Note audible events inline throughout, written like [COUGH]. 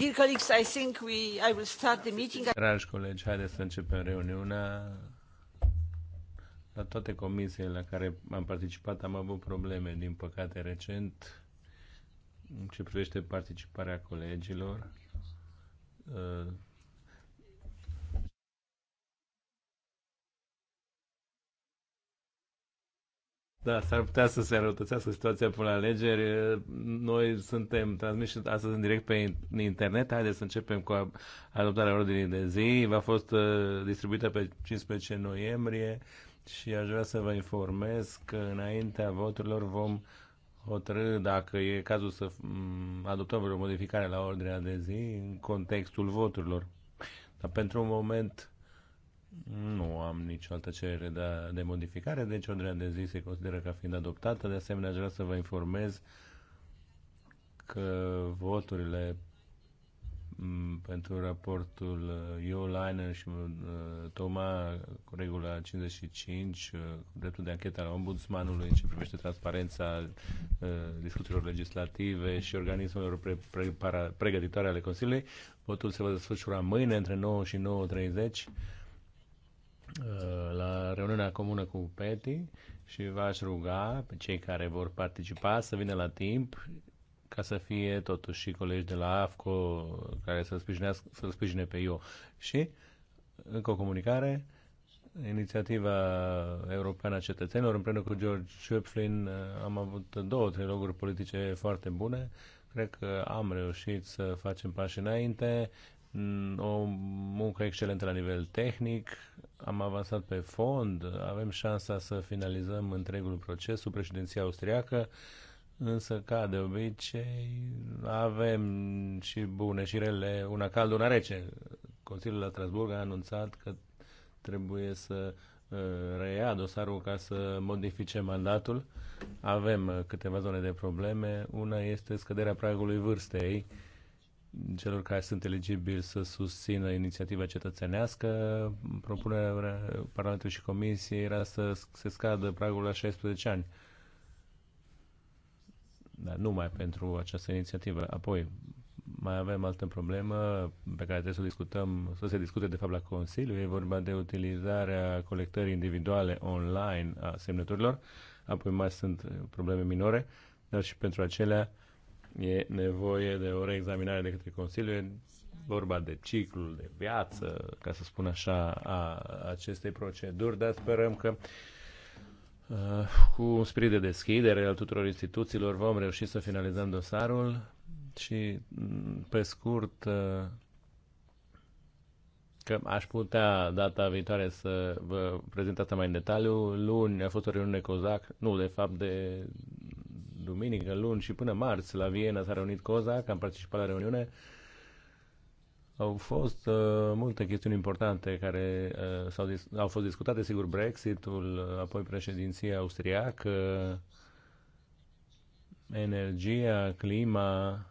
Dear colleagues, I think we, I will start the meeting. Dragi colegi, haideți să începem reuniunea. La toate comisiile la care am participat am avut probleme, din păcate, recent în ce privește participarea colegilor. Uh, Da, s-ar putea să se înrăutățească situația până la alegeri. Noi suntem transmiși astăzi în direct pe internet. Haideți să începem cu adoptarea ordinii de zi. Va fost uh, distribuită pe 15 noiembrie și aș vrea să vă informez că înaintea voturilor vom hotărâ dacă e cazul să mm, adoptăm vreo modificare la ordinea de zi în contextul voturilor. Dar pentru un moment nu am nicio altă cerere de, de modificare, deci ordinea de zi se consideră ca fiind adoptată. De asemenea, aș vrea să vă informez că voturile pentru raportul Iolainen uh, și uh, Toma cu regula 55 uh, cu dreptul de anchetă al ombudsmanului în ce privește transparența discuțiilor legislative și organismelor pre pre pregătitoare ale Consiliului. Votul se va desfășura mâine între 9 și 9.30 Uh, la reuniunea comună cu PETI și v-aș ruga pe cei care vor participa să vină la timp ca să fie totuși și colegi de la AFCO care să-l să sprijine pe eu. Și, încă o comunicare, inițiativa europeană a cetățenilor, împreună cu George Schöpflin uh, am avut două triloguri politice foarte bune. Cred că am reușit să facem pași înainte Mm, o muncă excelentă la nivel tehnic, am avansat pe fond, avem șansa să finalizăm întregul proces sub președinția austriacă, însă ca de obicei avem și bune și rele, una caldă, una rece. Consiliul la Strasburg a anunțat că trebuie să uh, reia dosarul ca să modifice mandatul. Avem uh, câteva zone de probleme. Una este scăderea pragului vârstei celor care sunt eligibili să susțină inițiativa cetățenească. Propunerea Parlamentului și Comisiei era să se scadă pragul la 16 ani. Dar numai pentru această inițiativă. Apoi, mai avem altă problemă pe care trebuie să o discutăm, să se discute de fapt la Consiliu. E vorba de utilizarea colectării individuale online a semnăturilor. Apoi mai sunt probleme minore, dar și pentru acelea E nevoie de o reexaminare de către Consiliu, e vorba de ciclul de viață, ca să spun așa, a acestei proceduri, dar sperăm că uh, cu un spirit de deschidere al tuturor instituțiilor vom reuși să finalizăm dosarul și mm, pe scurt uh, că aș putea data viitoare să vă prezint asta mai în detaliu. Luni a fost o reuniune COZAC, nu de fapt de duminică, luni și până marți la Viena s-a reunit că am participat la reuniune. Au fost uh, multe chestiuni importante care uh, s-au dis- au fost discutate, sigur Brexitul, uh, apoi președinția austriacă, energia, clima,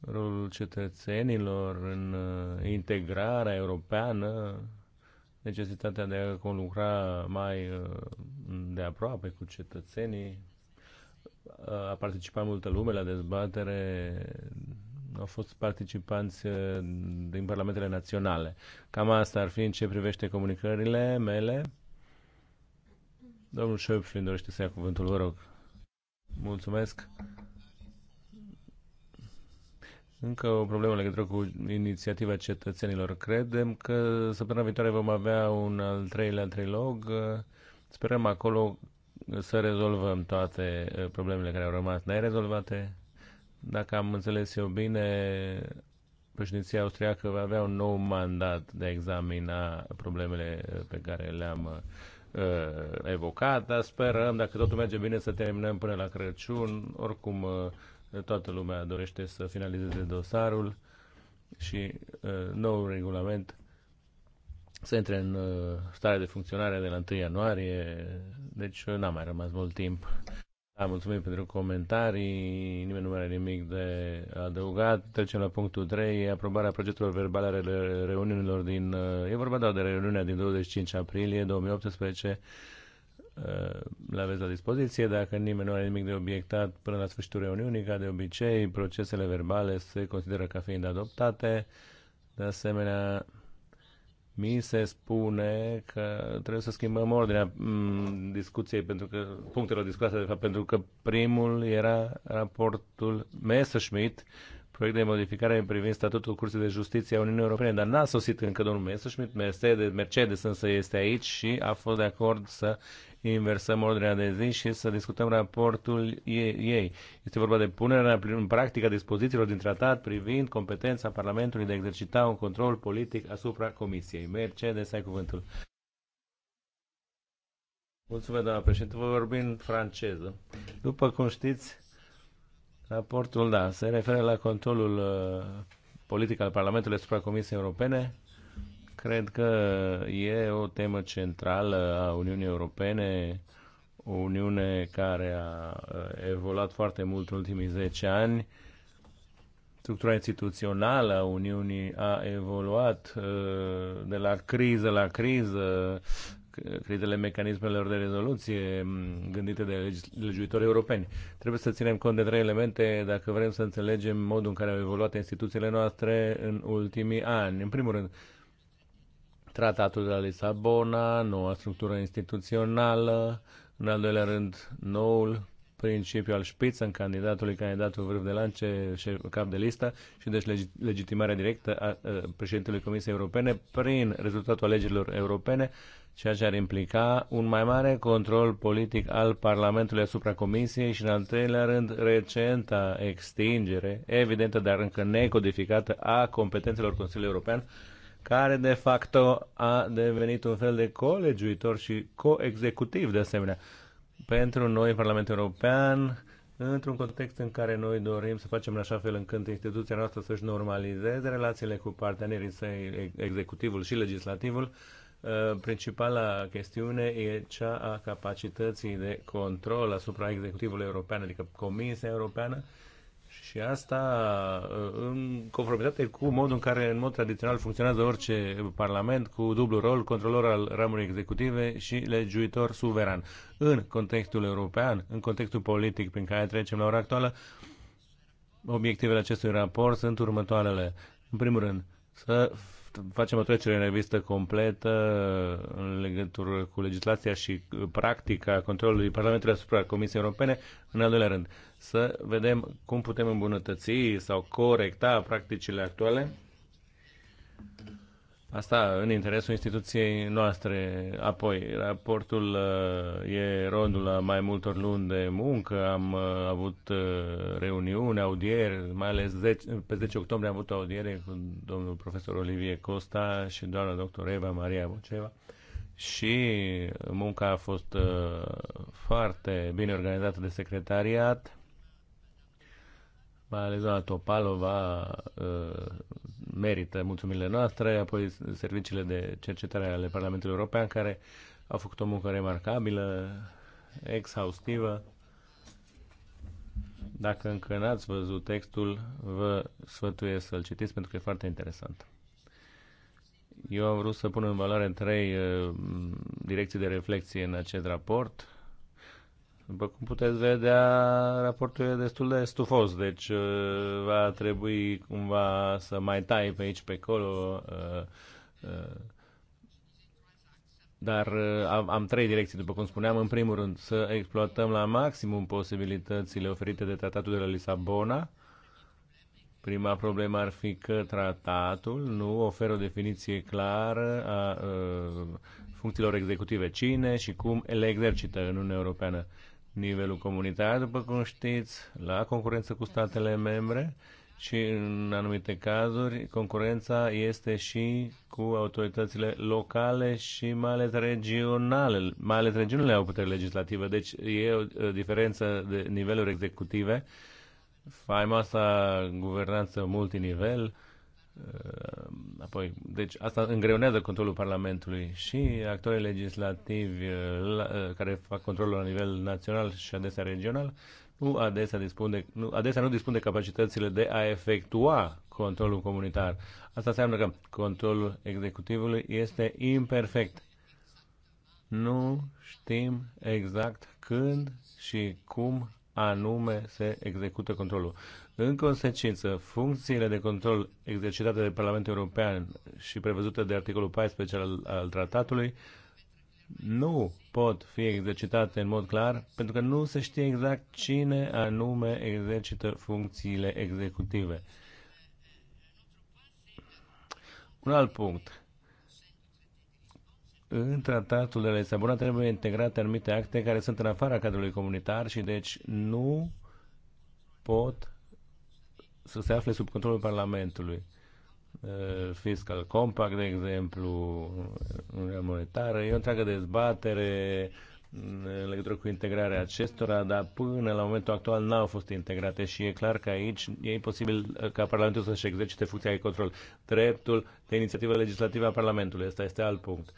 rolul cetățenilor în uh, integrarea europeană, necesitatea de a conlucra mai uh, de aproape cu cetățenii. A participat multă lume la dezbatere, au fost participanți uh, din parlamentele naționale. Cam asta ar fi în ce privește comunicările mele. Domnul Șöpflin dorește să ia cuvântul, vă rog. Mulțumesc. Încă o problemă legătură cu inițiativa cetățenilor. Credem că săptămâna viitoare vom avea un al treilea trilog. Sperăm acolo să rezolvăm toate eh, problemele care au rămas nerezolvate. Dacă am înțeles eu bine, președinția austriacă va avea un nou mandat de a examina problemele eh, pe care le-am uh, evocat, dar sperăm, dacă totul merge bine, să terminăm până la Crăciun. Oricum, uh, Toată lumea dorește să finalizeze dosarul și uh, noul regulament să intre în uh, stare de funcționare de la 1 ianuarie, deci uh, n-a mai rămas mult timp. Da, mulțumim pentru comentarii, nimeni nu mai are nimic de adăugat. Trecem la punctul 3, aprobarea proiectelor verbale ale reuniunilor din... Uh, e vorba doar de reuniunea din 25 aprilie 2018, Uh, le aveți la dispoziție. Dacă nimeni nu are nimic de obiectat până la sfârșitul reuniunii, ca de obicei, procesele verbale se consideră ca fiind adoptate. De asemenea, mi se spune că trebuie să schimbăm ordinea mm, discuției pentru că punctelor discutate de fapt pentru că primul era raportul Messerschmitt proiect de modificare privind statutul Curții de Justiție a Uniunii Europene, dar n-a sosit încă domnul Messerschmitt, Mercedes, Mercedes însă este aici și a fost de acord să inversăm ordinea de zi și să discutăm raportul ei. Este vorba de punerea în practică a dispozițiilor din tratat privind competența Parlamentului de a exercita un control politic asupra Comisiei. Mercedes, ai cuvântul. Mulțumesc, doamna președinte. Vă vorbim franceză. După cum știți, raportul, da, se referă la controlul uh, politic al Parlamentului asupra Comisiei Europene Cred că e o temă centrală a Uniunii Europene, o Uniune care a evoluat foarte mult în ultimii 10 ani. Structura instituțională a Uniunii a evoluat ă, de la criză la criză, crizele mecanismelor de rezoluție gândite de legiuitori europeni. Trebuie să ținem cont de trei elemente dacă vrem să înțelegem modul în care au evoluat instituțiile noastre în ultimii ani. În primul rând, tratatul de la Lisabona, noua structură instituțională, în al doilea rând, noul principiu al șpiță în candidatului, candidatul vârf de lance, șef, cap de listă și deci legitimarea directă a, a președintelui Comisiei Europene prin rezultatul alegerilor europene, ceea ce ar implica un mai mare control politic al Parlamentului asupra Comisiei și, în al treilea rând, recenta extingere, evidentă, dar încă necodificată, a competențelor Consiliului European care de facto a devenit un fel de colegiuitor și coexecutiv de asemenea. Pentru noi, Parlamentul European, într-un context în care noi dorim să facem în așa fel încât instituția noastră să-și normalizeze relațiile cu partenerii săi, executivul și legislativul, uh, principala chestiune e cea a capacității de control asupra executivului european, adică Comisia Europeană, și asta uh, în conformitate cu modul în care în mod tradițional funcționează orice parlament cu dublu rol, controlor al ramurii executive și legiuitor suveran. În contextul european, în contextul politic prin care trecem la ora actuală, obiectivele acestui raport sunt următoarele. În primul rând, să facem o trecere în revistă completă în legătură cu legislația și practica controlului Parlamentului asupra Comisiei Europene. În al doilea rând, să vedem cum putem îmbunătăți sau corecta practicile actuale. Asta în interesul instituției noastre. Apoi, raportul uh, e rondul la mai multor luni de muncă. Am uh, avut uh, reuniuni, audieri, mai ales 10, pe 10 octombrie am avut o audiere cu domnul profesor Olivier Costa și doamna doctor Eva Maria Boceva. Și munca a fost foarte bine organizată de secretariat mai ales doamna Topalova uh, merită mulțumirile noastre, apoi serviciile de cercetare ale Parlamentului European care au făcut o muncă remarcabilă, exhaustivă. Dacă încă n-ați văzut textul, vă sfătuiesc să-l citiți pentru că e foarte interesant. Eu am vrut să pun în valoare trei uh, direcții de reflexie în acest raport după cum puteți vedea, raportul e destul de stufos, deci uh, va trebui cumva să mai tai pe aici, pe acolo. Uh, uh. Dar am, am trei direcții, după cum spuneam. În primul rând, să exploatăm la maximum posibilitățile oferite de tratatul de la Lisabona. Prima problemă ar fi că tratatul nu oferă o definiție clară a, a funcțiilor executive. Cine și cum le exercită în Uniunea Europeană nivelul comunitar, după cum știți, la concurență cu statele membre și în anumite cazuri concurența este și cu autoritățile locale și mai ales regionale. Mai ales regiunile au putere legislativă, deci e o diferență de niveluri executive, faimoasa guvernanță multinivel, Uh, apoi, deci asta îngreunează controlul Parlamentului și actorii legislativi uh, uh, care fac controlul la nivel național și adesea regional nu adesea, dispun nu, adesea nu dispun de capacitățile de a efectua controlul comunitar. Asta înseamnă că controlul executivului este imperfect. Nu știm exact când și cum anume se execută controlul. În consecință, funcțiile de control exercitate de Parlamentul European și prevăzute de articolul 14 al, al tratatului nu pot fi exercitate în mod clar pentru că nu se știe exact cine anume exercită funcțiile executive. Un alt punct în tratatul de la Lisabona trebuie integrate anumite acte care sunt în afara cadrului comunitar și deci nu pot să se afle sub controlul Parlamentului. Uh, fiscal Compact, de exemplu, uh, Uniunea Monetară, e o întreagă dezbatere uh, în legătură cu integrarea acestora, dar până la momentul actual n-au fost integrate și e clar că aici e imposibil ca Parlamentul să-și exercite funcția de control. Dreptul de inițiativă legislativă a Parlamentului, ăsta este alt punct. Uh,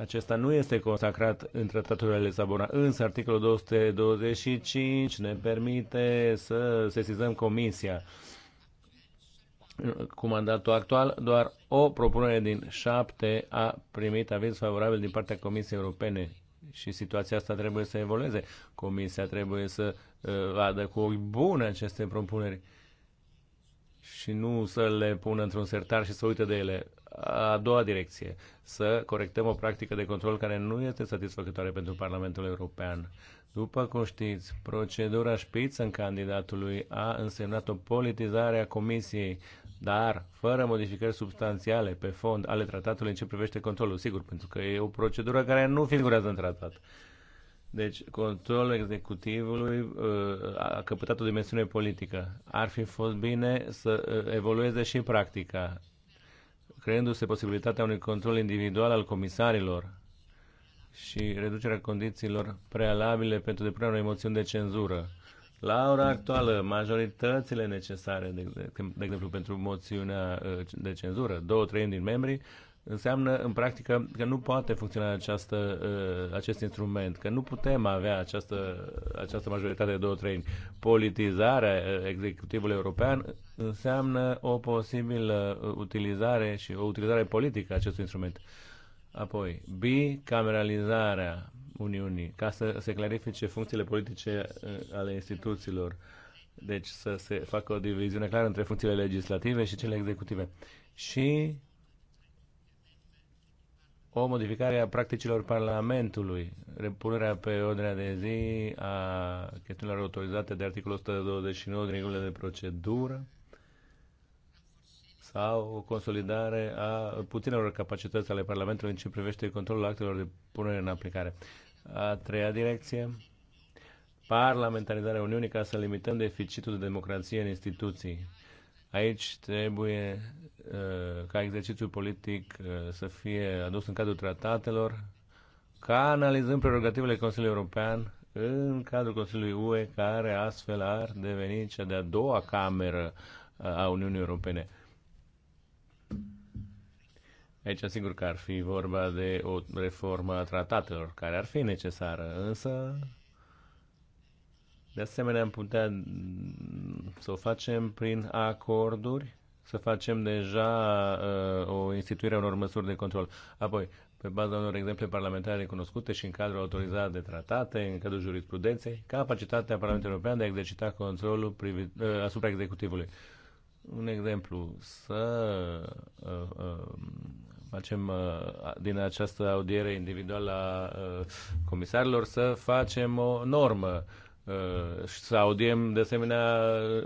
acesta nu este consacrat în tratatul de Lisabona, însă articolul 225 ne permite să sesizăm comisia. Cu mandatul actual, doar o propunere din șapte a primit aviz favorabil din partea Comisiei Europene și situația asta trebuie să evolueze. Comisia trebuie să uh, vadă cu ochi bune aceste propuneri și nu să le pună într-un sertar și să uite de ele a doua direcție, să corectăm o practică de control care nu este satisfăcătoare pentru Parlamentul European. După cum știți, procedura șpiță în candidatului a însemnat o politizare a Comisiei, dar fără modificări substanțiale pe fond ale tratatului în ce privește controlul, sigur, pentru că e o procedură care nu figurează în tratat. Deci, controlul executivului uh, a căpătat o dimensiune politică. Ar fi fost bine să uh, evolueze și practica creându-se posibilitatea unui control individual al comisarilor și reducerea condițiilor prealabile pentru depunerea unei moțiuni de cenzură. La ora actuală, majoritățile necesare, de, de, de exemplu pentru moțiunea uh, de cenzură, două treimi din membrii, înseamnă în practică că nu poate funcționa această, uh, acest instrument, că nu putem avea această, această majoritate de două treimi. Politizarea uh, executivului european înseamnă o posibilă uh, utilizare și o utilizare politică a acestui instrument. Apoi, bicameralizarea Uniunii, ca să se clarifice funcțiile politice ale instituțiilor. Deci să se facă o diviziune clară între funcțiile legislative și cele executive. Și o modificare a practicilor Parlamentului, repunerea pe ordinea de zi a chestiunilor autorizate de articolul 129 din regulile de procedură sau o consolidare a puținelor capacități ale Parlamentului în ce privește controlul actelor de punere în aplicare. A treia direcție, parlamentarizarea Uniunii ca să limităm deficitul de democrație în instituții Aici trebuie uh, ca exercițiul politic uh, să fie adus în cadrul tratatelor, ca analizând prerogativele Consiliului European în cadrul Consiliului UE, care astfel ar deveni cea de-a doua cameră uh, a Uniunii Europene. Aici sigur că ar fi vorba de o reformă a tratatelor, care ar fi necesară, însă de asemenea, am putea mm, să o facem prin acorduri, să facem deja uh, o instituire a unor măsuri de control. Apoi, pe baza unor exemple parlamentare recunoscute și în cadrul autorizat de tratate, în cadrul jurisprudenței, capacitatea Parlamentului European de a exercita controlul privi, uh, asupra executivului. Un exemplu, să uh, uh, facem uh, din această audiere individuală a uh, comisarilor, să facem o normă Uh, să audiem de asemenea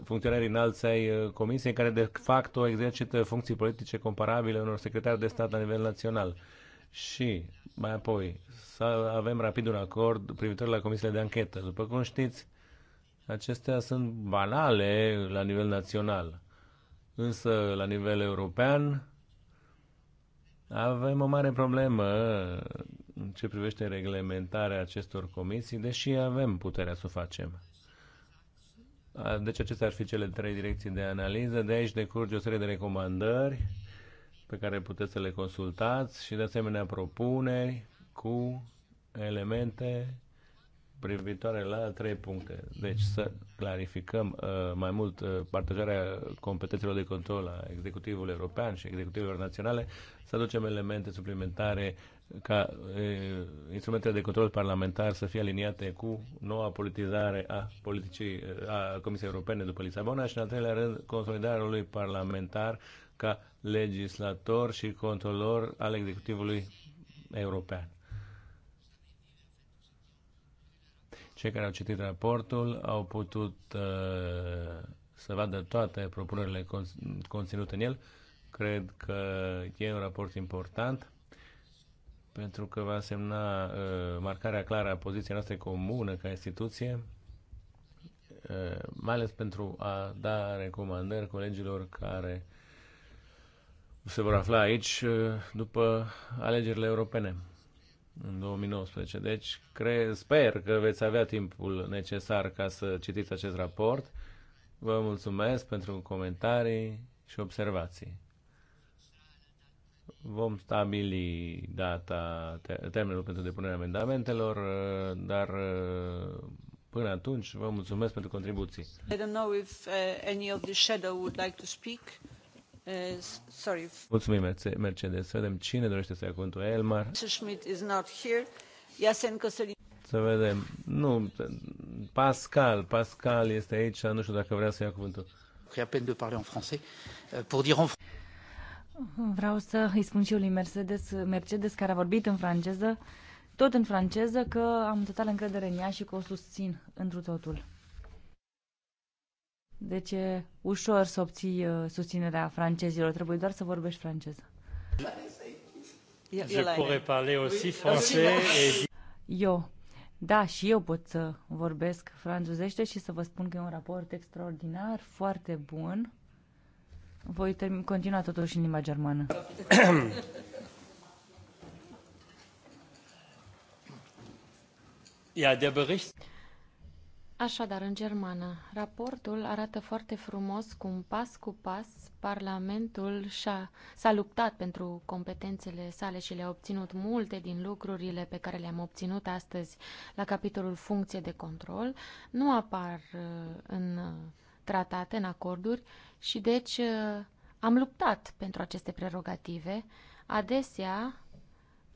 funcționarii înalți ai uh, Comisiei care de facto exercită funcții politice comparabile unor secretari de stat la nivel național. Și mai apoi să avem rapid un acord privitor la comisiile de anchetă. După cum știți, acestea sunt banale la nivel național. Însă, la nivel european, avem o mare problemă în ce privește reglementarea acestor comisii, deși avem puterea să o facem. Deci acestea ar fi cele trei direcții de analiză. De aici decurge o serie de recomandări pe care puteți să le consultați și de asemenea propuneri cu elemente privitoare la trei puncte. Deci să clarificăm uh, mai mult uh, partajarea competențelor de control a executivului european și executivelor naționale, să aducem elemente suplimentare ca uh, instrumentele de control parlamentar să fie aliniate cu noua politizare a politicii uh, a Comisiei Europene după Lisabona și, în al treilea rând, consolidarea lui parlamentar ca legislator și controlor al executivului european. Cei care au citit raportul au putut uh, să vadă toate propunerile conținute în el. Cred că e un raport important pentru că va semna uh, marcarea clară a poziției noastre comună ca instituție, uh, mai ales pentru a da recomandări colegilor care se vor afla aici uh, după alegerile europene în 2019. Deci cre- sper că veți avea timpul necesar ca să citiți acest raport. Vă mulțumesc pentru comentarii și observații. Vom stabili data, termenul pentru depunerea amendamentelor, dar până atunci vă mulțumesc pentru contribuții. I don't know if uh, any of the shadow would like to speak. Uh, sorry. Mulțumim, Mercedes. Să vedem cine dorește să ia cuvântul. Elmar. Schmidt is not here. Iasen Căsălin. Să vedem. Nu, Pascal. Pascal este aici. Nu știu dacă vrea să ia cuvântul. Pris à de parler en français. Euh, pour dire en Vreau să îi spun și eu lui Mercedes, Mercedes care a vorbit în franceză, tot în franceză, că am totală încredere în ea și că o susțin întru totul. Deci e ușor să obții uh, susținerea francezilor. Trebuie doar să vorbești franceză. Je pourrais parler aussi français Eu. Da, și eu pot să vorbesc franzuzește și să vă spun că e un raport extraordinar, foarte bun. Voi termin, continua totuși în limba germană. Ja, der Bericht. Așadar, în germană, raportul arată foarte frumos cum pas cu pas Parlamentul și-a, s-a luptat pentru competențele sale și le-a obținut multe din lucrurile pe care le-am obținut astăzi la capitolul funcție de control. Nu apar uh, în tratate, în acorduri și deci uh, am luptat pentru aceste prerogative, adesea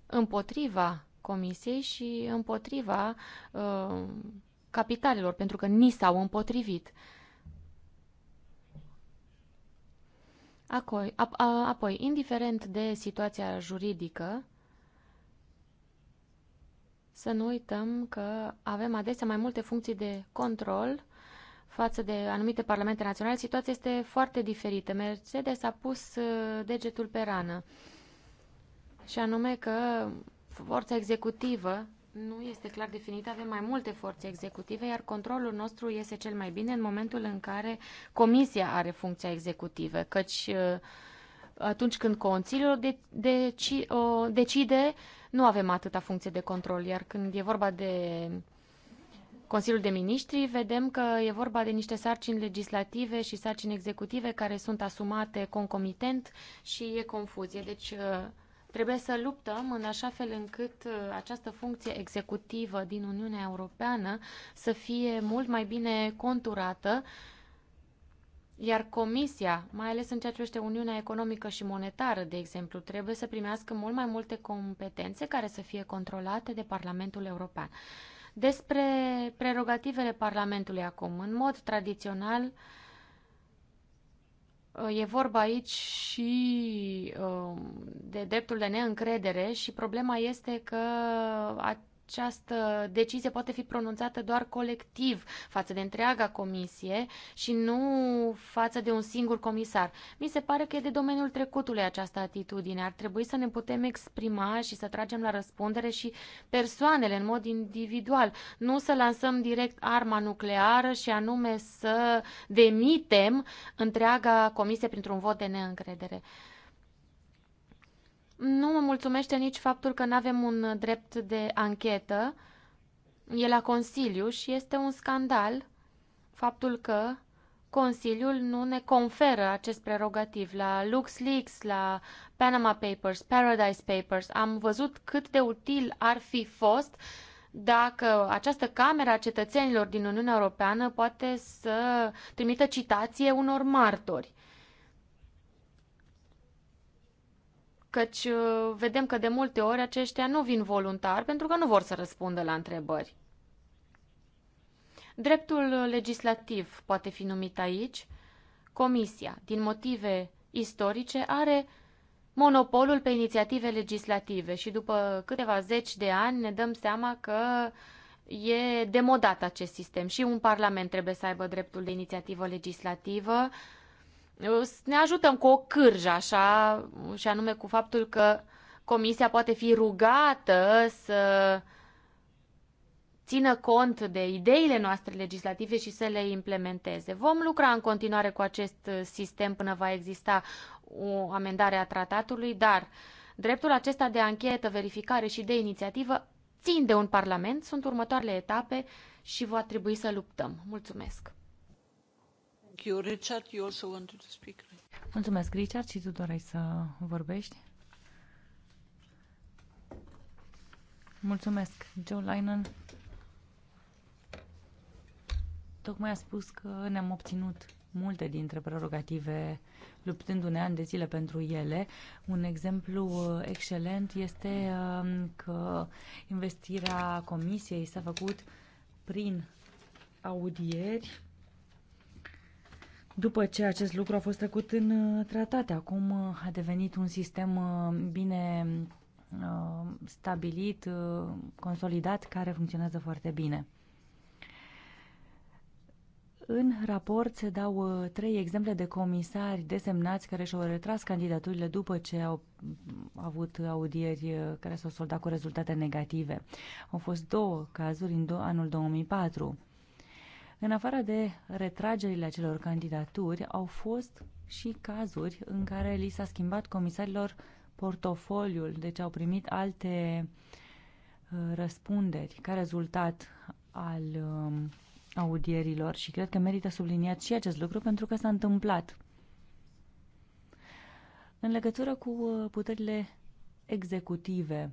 împotriva Comisiei și împotriva uh, capitalelor, pentru că ni s-au împotrivit. Acoi, ap, a, apoi, indiferent de situația juridică, să nu uităm că avem adesea mai multe funcții de control față de anumite parlamente naționale. Situația este foarte diferită. Mercedes a pus uh, degetul pe rană și anume că forța executivă nu este clar definit, avem mai multe forțe executive, iar controlul nostru este cel mai bine în momentul în care Comisia are funcția executivă, căci uh, atunci când Consiliul deci, decide, nu avem atâta funcție de control, iar când e vorba de Consiliul de Ministri, vedem că e vorba de niște sarcini legislative și sarcini executive care sunt asumate concomitent și e confuzie. Deci uh, Trebuie să luptăm în așa fel încât uh, această funcție executivă din Uniunea Europeană să fie mult mai bine conturată, iar Comisia, mai ales în ceea ce este Uniunea Economică și Monetară, de exemplu, trebuie să primească mult mai multe competențe care să fie controlate de Parlamentul European. Despre prerogativele Parlamentului acum, în mod tradițional, uh, E vorba aici și um, de dreptul de neîncredere și problema este că această decizie poate fi pronunțată doar colectiv față de întreaga comisie și nu față de un singur comisar. Mi se pare că e de domeniul trecutului această atitudine. Ar trebui să ne putem exprima și să tragem la răspundere și persoanele în mod individual. Nu să lansăm direct arma nucleară și anume să demitem întreaga comisie printr-un vot de neîncredere. Nu mă mulțumește nici faptul că nu avem un drept de anchetă. E la Consiliu și este un scandal faptul că Consiliul nu ne conferă acest prerogativ. La LuxLeaks, la Panama Papers, Paradise Papers, am văzut cât de util ar fi fost dacă această cameră a cetățenilor din Uniunea Europeană poate să trimită citație unor martori. căci uh, vedem că de multe ori aceștia nu vin voluntar pentru că nu vor să răspundă la întrebări. Dreptul legislativ poate fi numit aici. Comisia, din motive istorice, are monopolul pe inițiative legislative și după câteva zeci de ani ne dăm seama că e demodat acest sistem și un parlament trebuie să aibă dreptul de inițiativă legislativă, ne ajutăm cu o cârjă, așa, și anume cu faptul că comisia poate fi rugată să țină cont de ideile noastre legislative și să le implementeze. Vom lucra în continuare cu acest sistem până va exista o amendare a tratatului, dar dreptul acesta de anchetă, verificare și de inițiativă țin de un parlament, sunt următoarele etape și va trebui să luptăm. Mulțumesc! Richard. You also wanted to speak. Mulțumesc, Richard. Și tu doreai să vorbești? Mulțumesc, Joe Linen. Tocmai a spus că ne-am obținut multe dintre prerogative luptându-ne ani de zile pentru ele. Un exemplu uh, excelent este um, că investirea comisiei s-a făcut prin audieri după ce acest lucru a fost trecut în uh, tratate. Acum uh, a devenit un sistem uh, bine stabilit, consolidat, care funcționează foarte bine. În raport se dau trei exemple de comisari desemnați care și-au retras candidaturile după ce au avut audieri care s-au soldat cu rezultate negative. Au fost două cazuri în anul 2004. În afară de retragerile acelor candidaturi, au fost și cazuri în care li s-a schimbat comisarilor portofoliul, deci au primit alte uh, răspunderi ca rezultat al um, audierilor și cred că merită subliniat și acest lucru pentru că s-a întâmplat. În legătură cu uh, puterile executive,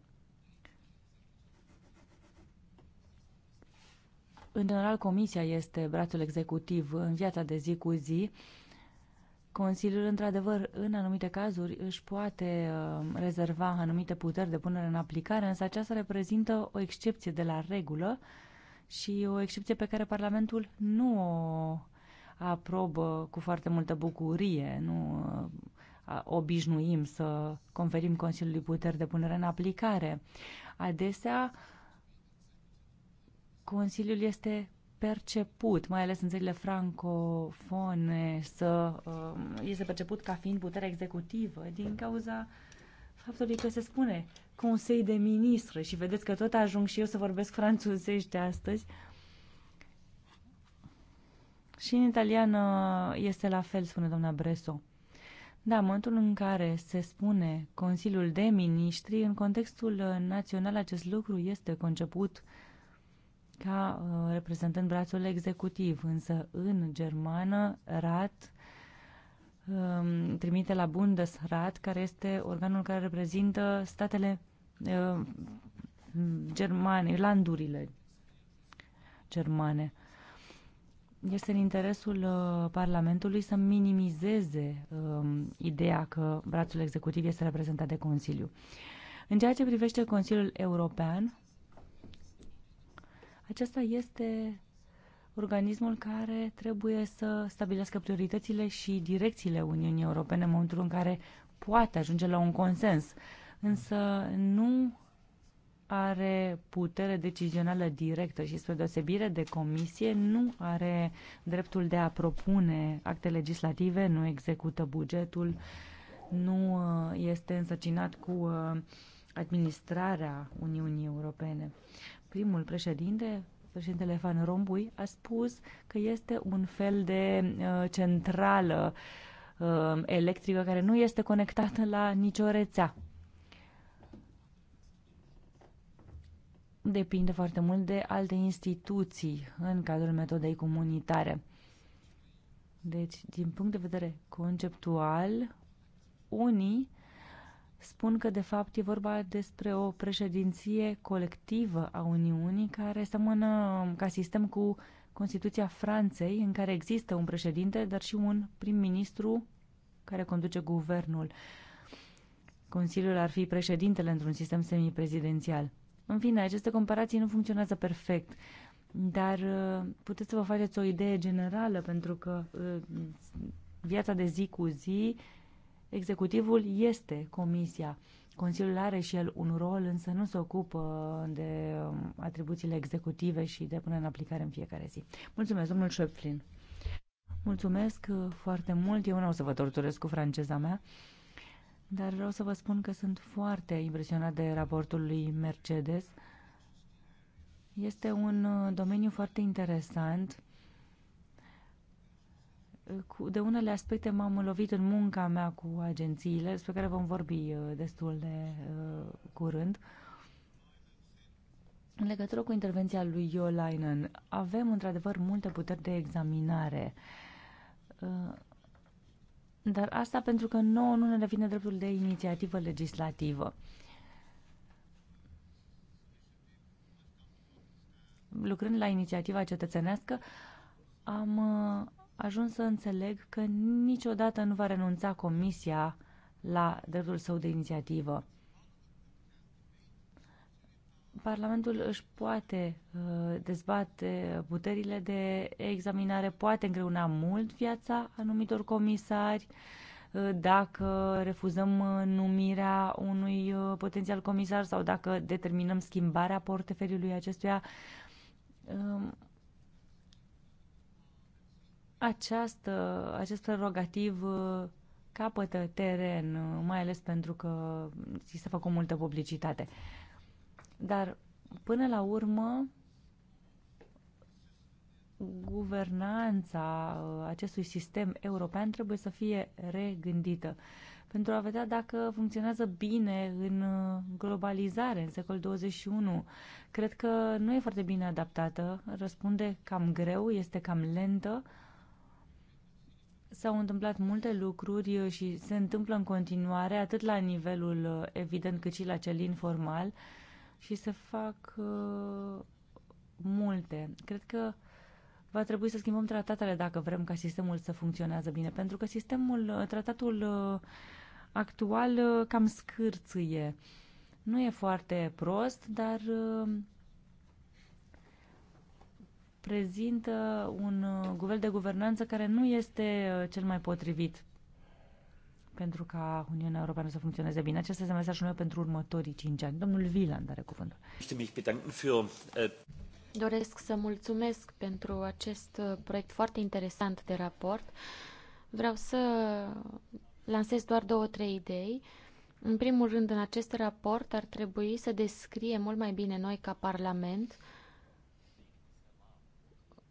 În general, Comisia este brațul executiv în viața de zi cu zi. Consiliul, într-adevăr, în anumite cazuri își poate uh, rezerva anumite puteri de punere în aplicare, însă aceasta reprezintă o excepție de la regulă și o excepție pe care Parlamentul nu o aprobă cu foarte multă bucurie, nu uh, obișnuim să conferim Consiliului puteri de punere în aplicare. Adesea, uh, Consiliul este perceput, mai ales în țările francofone, să, uh, este perceput ca fiind puterea executivă din cauza faptului că se spune Consei de Ministre și vedeți că tot ajung și eu să vorbesc franțuzește astăzi. Și în italiană este la fel, spune doamna Breso. Da, în momentul în care se spune Consiliul de Ministri, în contextul național acest lucru este conceput uh, ca uh, reprezentând brațul executiv, însă în germană RAT um, trimite la Bundesrat, care este organul care reprezintă statele uh, germane, landurile germane. Este în interesul uh, Parlamentului să minimizeze um, ideea că brațul executiv este reprezentat de Consiliu. În ceea ce privește Consiliul European, acesta este organismul care trebuie să stabilească prioritățile și direcțiile Uniunii Europene în momentul în care poate ajunge la un consens, însă nu are putere decizională directă și, spre deosebire de comisie, nu are dreptul de a propune acte legislative, nu execută bugetul, nu uh, este însăcinat cu uh, administrarea Uniunii Europene primul președinte, președintele Van Rompuy, a spus că este un fel de uh, centrală uh, electrică care nu este conectată la nicio rețea. Depinde foarte mult de alte instituții în cadrul metodei comunitare. Deci, din punct de vedere conceptual, unii spun că, de fapt, e vorba despre o președinție colectivă a Uniunii care seamănă ca sistem cu Constituția Franței, în care există un președinte, dar și un prim-ministru care conduce guvernul. Consiliul ar fi președintele într-un sistem semiprezidențial. În fine, aceste comparații nu funcționează perfect, dar uh, puteți să vă faceți o idee generală, pentru că uh, viața de zi cu zi Executivul este comisia. Consiliul are și el un rol, însă nu se ocupă de um, atribuțiile executive și de până în aplicare în fiecare zi. Mulțumesc, domnul Șöpflin. Mulțumesc uh, foarte mult. Eu nu o să vă torturez cu franceza mea, dar vreau să vă spun că sunt foarte impresionat de raportul lui Mercedes. Este un uh, domeniu foarte interesant de unele aspecte m-am lovit în munca mea cu agențiile, despre care vom vorbi uh, destul de uh, curând. În legătură cu intervenția lui Iolainen, avem într-adevăr multe puteri de examinare. Uh, dar asta pentru că nouă nu ne revine dreptul de inițiativă legislativă. Lucrând la inițiativa cetățenească, am ajuns să înțeleg că niciodată nu va renunța Comisia la dreptul său de inițiativă. Parlamentul își poate uh, dezbate puterile de examinare, poate îngreuna mult viața anumitor comisari, uh, dacă refuzăm numirea unui uh, potențial comisar sau dacă determinăm schimbarea portefeliului acestuia. Um, această, acest prerogativ uh, capătă teren, uh, mai ales pentru că ți se făcut multă publicitate. Dar, până la urmă, guvernanța uh, acestui sistem european trebuie să fie regândită pentru a vedea dacă funcționează bine în globalizare, în secolul 21. Cred că nu e foarte bine adaptată, răspunde cam greu, este cam lentă, S-au întâmplat multe lucruri uh, și se întâmplă în continuare, atât la nivelul uh, evident cât și la cel informal și se fac uh, multe. Cred că va trebui să schimbăm tratatele dacă vrem ca sistemul să funcționează bine, pentru că sistemul, tratatul actual cam scârțâie. Nu e foarte prost, dar prezintă un uh, guvern de guvernanță care nu este uh, cel mai potrivit pentru ca Uniunea Europeană să funcționeze bine. Acesta este mesajul meu pentru următorii cinci ani. Domnul Wieland are cuvântul. Äh, Doresc să mulțumesc pentru acest uh, proiect foarte interesant de raport. Vreau să lansez doar două, trei idei. În primul rând, în acest raport ar trebui să descrie mult mai bine noi ca Parlament uh,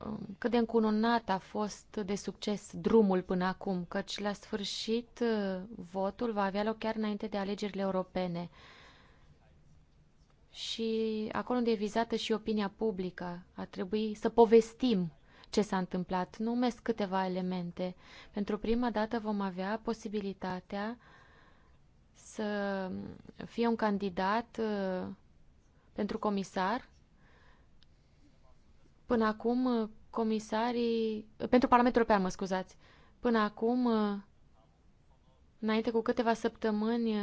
Um, cât de încununat a fost de succes drumul până acum, căci la sfârșit uh, votul va avea loc chiar înainte de alegerile europene. Și acolo unde e vizată și opinia publică, a trebui să povestim ce s-a întâmplat. Numesc câteva elemente. Pentru prima dată vom avea posibilitatea să fie un candidat uh, pentru comisar Până acum, uh, comisarii... Uh, pentru Parlamentul European, mă scuzați. Până acum, uh, înainte cu câteva săptămâni,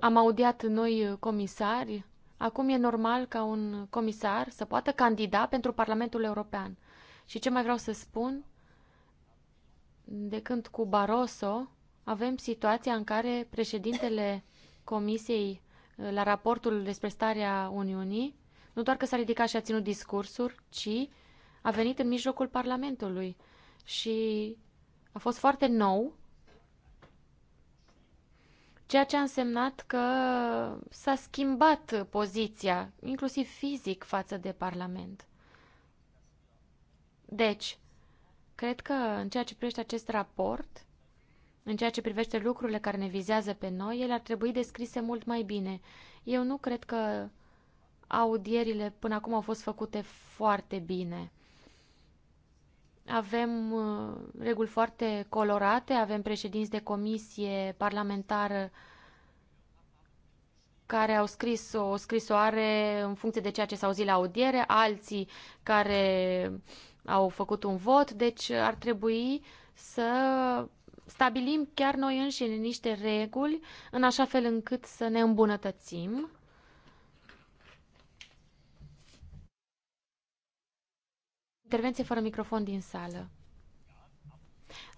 am audiat noi comisari. Acum e normal ca un comisar să poată candida pentru Parlamentul European. Și ce mai vreau să spun? De când cu Barroso avem situația în care președintele Comisiei uh, la raportul despre starea Uniunii, nu doar că s-a ridicat și a ținut discursuri, ci a venit în mijlocul Parlamentului și a fost foarte nou, ceea ce a însemnat că s-a schimbat poziția, inclusiv fizic, față de Parlament. Deci, cred că în ceea ce privește acest raport, în ceea ce privește lucrurile care ne vizează pe noi, ele ar trebui descrise mult mai bine. Eu nu cred că audierile până acum au fost făcute foarte bine. Avem uh, reguli foarte colorate, avem președinți de comisie parlamentară care au scris o scrisoare în funcție de ceea ce s-a zis la audiere, alții care au făcut un vot, deci ar trebui să stabilim chiar noi înșine niște reguli în așa fel încât să ne îmbunătățim. Intervenție fără microfon din sală.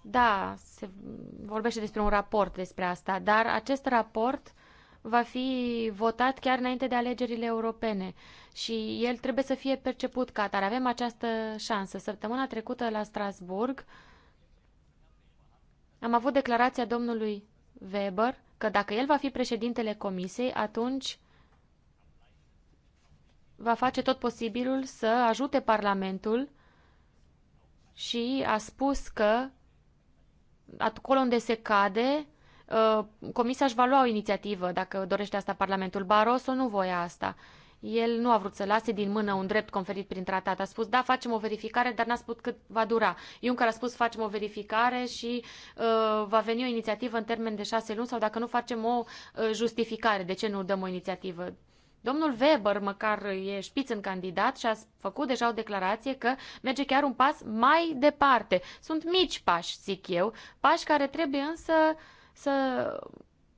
Da, se vorbește despre un raport despre asta, dar acest raport va fi votat chiar înainte de alegerile europene și el trebuie să fie perceput ca atare. Avem această șansă. Săptămâna trecută la Strasburg, uh, am avut declarația domnului Weber că dacă el va fi președintele comisiei, atunci va face tot posibilul să ajute Parlamentul și a spus că acolo unde se cade, uh, Comisia își va lua o inițiativă dacă dorește asta Parlamentul. Barroso nu voia asta. El nu a vrut să lase din mână un drept conferit prin tratat. A spus, da, facem o verificare, dar n-a spus cât va dura. Juncker a spus, facem o verificare și uh, va veni o inițiativă în termen de șase luni sau dacă nu facem o uh, justificare de ce nu dăm o inițiativă. Domnul Weber, măcar e șpiț în candidat și a făcut deja o declarație că merge chiar un pas mai departe. Sunt mici pași, zic eu, pași care trebuie însă să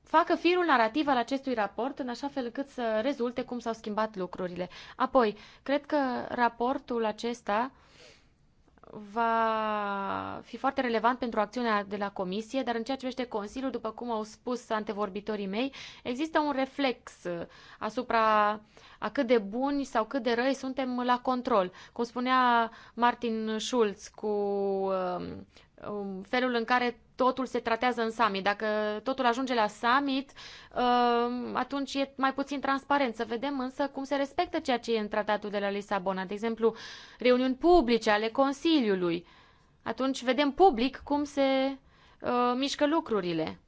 facă firul narativ al acestui raport în așa fel încât să rezulte cum s-au schimbat lucrurile. Apoi, cred că raportul acesta va fi foarte relevant pentru acțiunea de la Comisie, dar în ceea ce vește Consiliul, după cum au spus antevorbitorii mei, există un reflex asupra a cât de buni sau cât de răi suntem la control. Cum spunea Martin Schulz cu um, Um, felul în care totul se tratează în summit. Dacă totul ajunge la summit, um, atunci e mai puțin transparent. Să vedem însă cum se respectă ceea ce e în tratatul de la Lisabona. De exemplu, reuniuni publice ale Consiliului. Atunci vedem public cum se uh, mișcă lucrurile.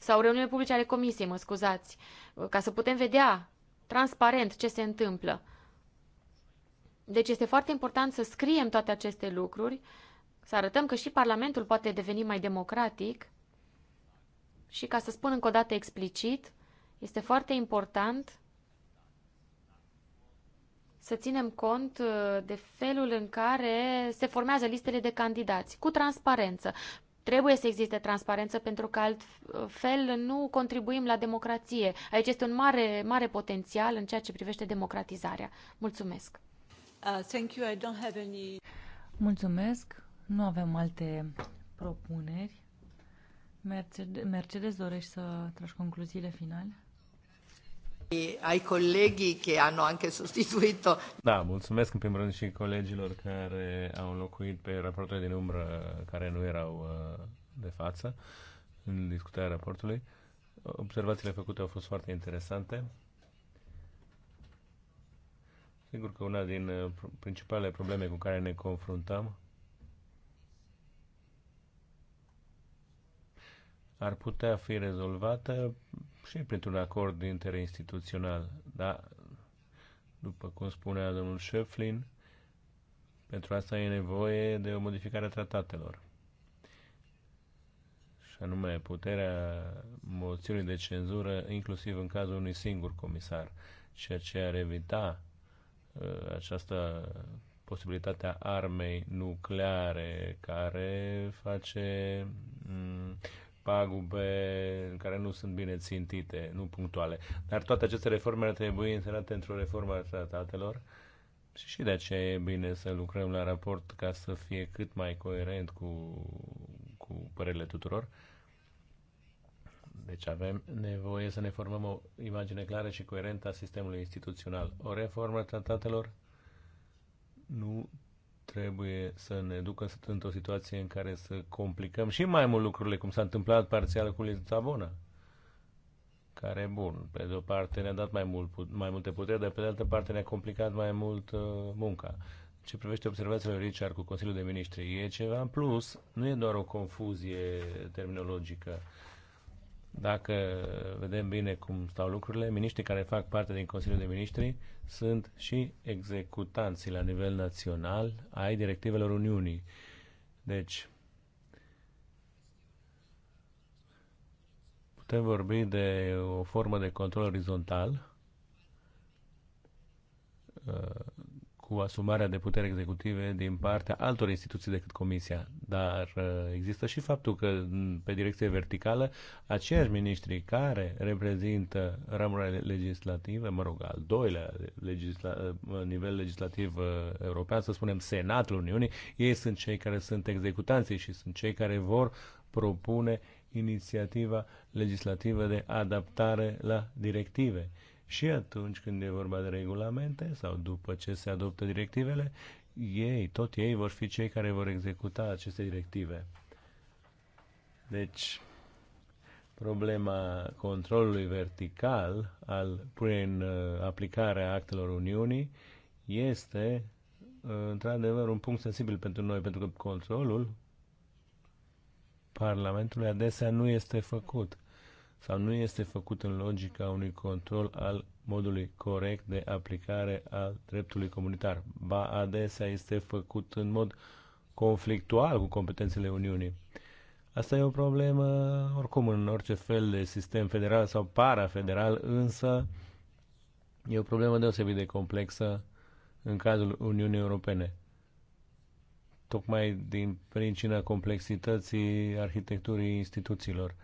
Sau reuniunile publice ale Comisiei, mă scuzați, uh, ca să putem vedea transparent ce se întâmplă. Deci este foarte important să scriem toate aceste lucruri uh, să arătăm că și Parlamentul poate deveni mai democratic și ca să spun încă o dată explicit, este foarte important să ținem cont uh, de felul în care se formează listele de candidați, cu transparență. Trebuie să existe transparență pentru că altfel nu contribuim la democrație. Aici este un mare, mare potențial în ceea ce privește democratizarea. Mulțumesc! Uh, thank you. I don't have any... Mulțumesc! Nu avem alte propuneri. Mercedes, dorești să tragi concluziile finale? ai colegii care hanno anche sostituito. Da, mulțumesc în primul rând și colegilor care au înlocuit pe raportul din umbră care nu erau uh, de față în discutarea raportului. Observațiile făcute au fost foarte interesante. Sigur că una din uh, principalele probleme cu care ne confruntăm ar putea fi rezolvată și printr-un acord interinstituțional. Dar, după cum spunea domnul Șeflin, pentru asta e nevoie de o modificare a tratatelor. Și anume puterea moțiunii de cenzură, inclusiv în cazul unui singur comisar, ceea ce ar evita uh, această posibilitatea armei nucleare care face mm, pagube care nu sunt bine țintite, nu punctuale. Dar toate aceste reforme ar trebui inserate într-o reformă a tratatelor și și de aceea e bine să lucrăm la raport ca să fie cât mai coerent cu, cu părerile tuturor. Deci avem nevoie să ne formăm o imagine clară și coerentă a sistemului instituțional. O reformă a tratatelor nu trebuie să ne ducă într-o situație în care să complicăm și mai mult lucrurile, cum s-a întâmplat parțial cu Lisabona, care, bun, pe de o parte ne-a dat mai, mult, mai multe puteri, dar pe de altă parte ne-a complicat mai mult uh, munca. Ce privește observațiile lui Richard cu Consiliul de Ministri, e ceva în plus, nu e doar o confuzie terminologică. Uh, dacă vedem bine cum stau lucrurile, miniștrii care fac parte din Consiliul de Ministri sunt și executanții la nivel național ai directivelor Uniunii. Deci, putem vorbi de o formă de control orizontal cu asumarea de putere executive din partea altor instituții decât Comisia. Dar uh, există și faptul că pe direcție verticală aceiași miniștri care reprezintă ramura legislativă, mă rog, al doilea legisla- uh, nivel legislativ uh, european, să spunem Senatul Uniunii, ei sunt cei care sunt executanții și sunt cei care vor propune inițiativa legislativă de adaptare la directive și atunci când e vorba de regulamente sau după ce se adoptă directivele, ei, tot ei vor fi cei care vor executa aceste directive. Deci, problema controlului vertical al prin uh, aplicarea actelor Uniunii este uh, într-adevăr un punct sensibil pentru noi, pentru că controlul Parlamentului adesea nu este făcut sau nu este făcut în logica unui control al modului corect de aplicare al dreptului comunitar. Ba adesea este făcut în mod conflictual cu competențele Uniunii. Asta e o problemă oricum în orice fel de sistem federal sau parafederal, însă e o problemă deosebit de complexă în cazul Uniunii Europene. Tocmai din pricina complexității arhitecturii instituțiilor.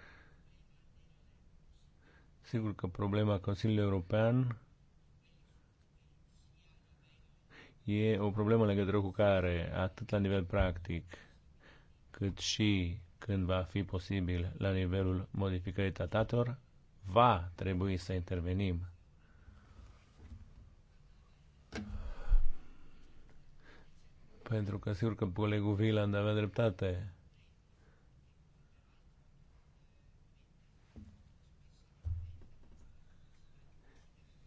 Sigur că problema Consiliului European e o problemă legătură cu care, atât la nivel practic, cât și când va fi posibil la nivelul modificării tratatelor, va trebui să intervenim. Pentru că sigur că colegul Viland avea dreptate.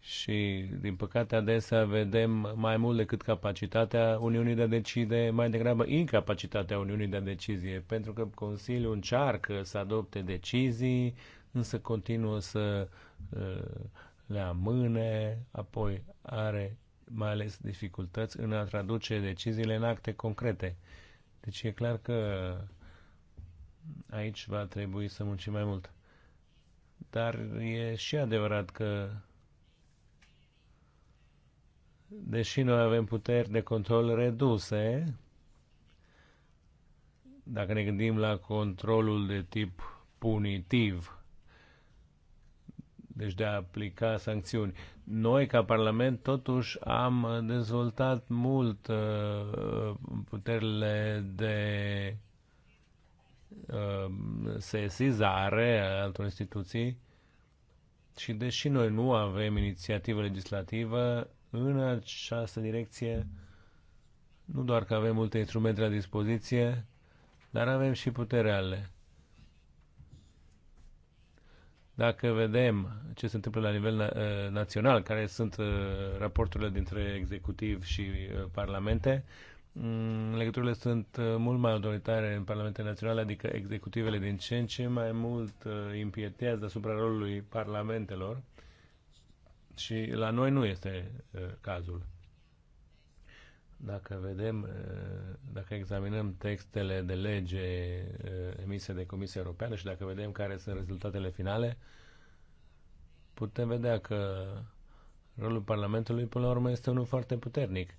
și, din păcate, adesea vedem mai mult decât capacitatea Uniunii de a decide, mai degrabă incapacitatea Uniunii de a decizie, pentru că Consiliul încearcă să adopte decizii, însă continuă să uh, le amâne, apoi are mai ales dificultăți în a traduce deciziile în acte concrete. Deci e clar că aici va trebui să muncim mai mult. Dar e și adevărat că deși noi avem puteri de control reduse, dacă ne gândim la controlul de tip punitiv, deci de a aplica sancțiuni. Noi, ca Parlament, totuși am dezvoltat mult uh, puterile de uh, sesizare a altor instituții și deși noi nu avem inițiativă legislativă, în această direcție nu doar că avem multe instrumente la dispoziție, dar avem și putere ale. Dacă vedem ce se întâmplă la nivel na- uh, național, care sunt uh, raporturile dintre executiv și uh, parlamente, mm, legăturile sunt mult mai autoritare în parlamentele naționale, adică executivele din ce în ce mai mult impietează asupra rolului parlamentelor și la noi nu este uh, cazul. Dacă vedem, uh, dacă examinăm textele de lege uh, emise de Comisia Europeană și dacă vedem care sunt rezultatele finale, putem vedea că rolul Parlamentului, până la urmă, este unul foarte puternic.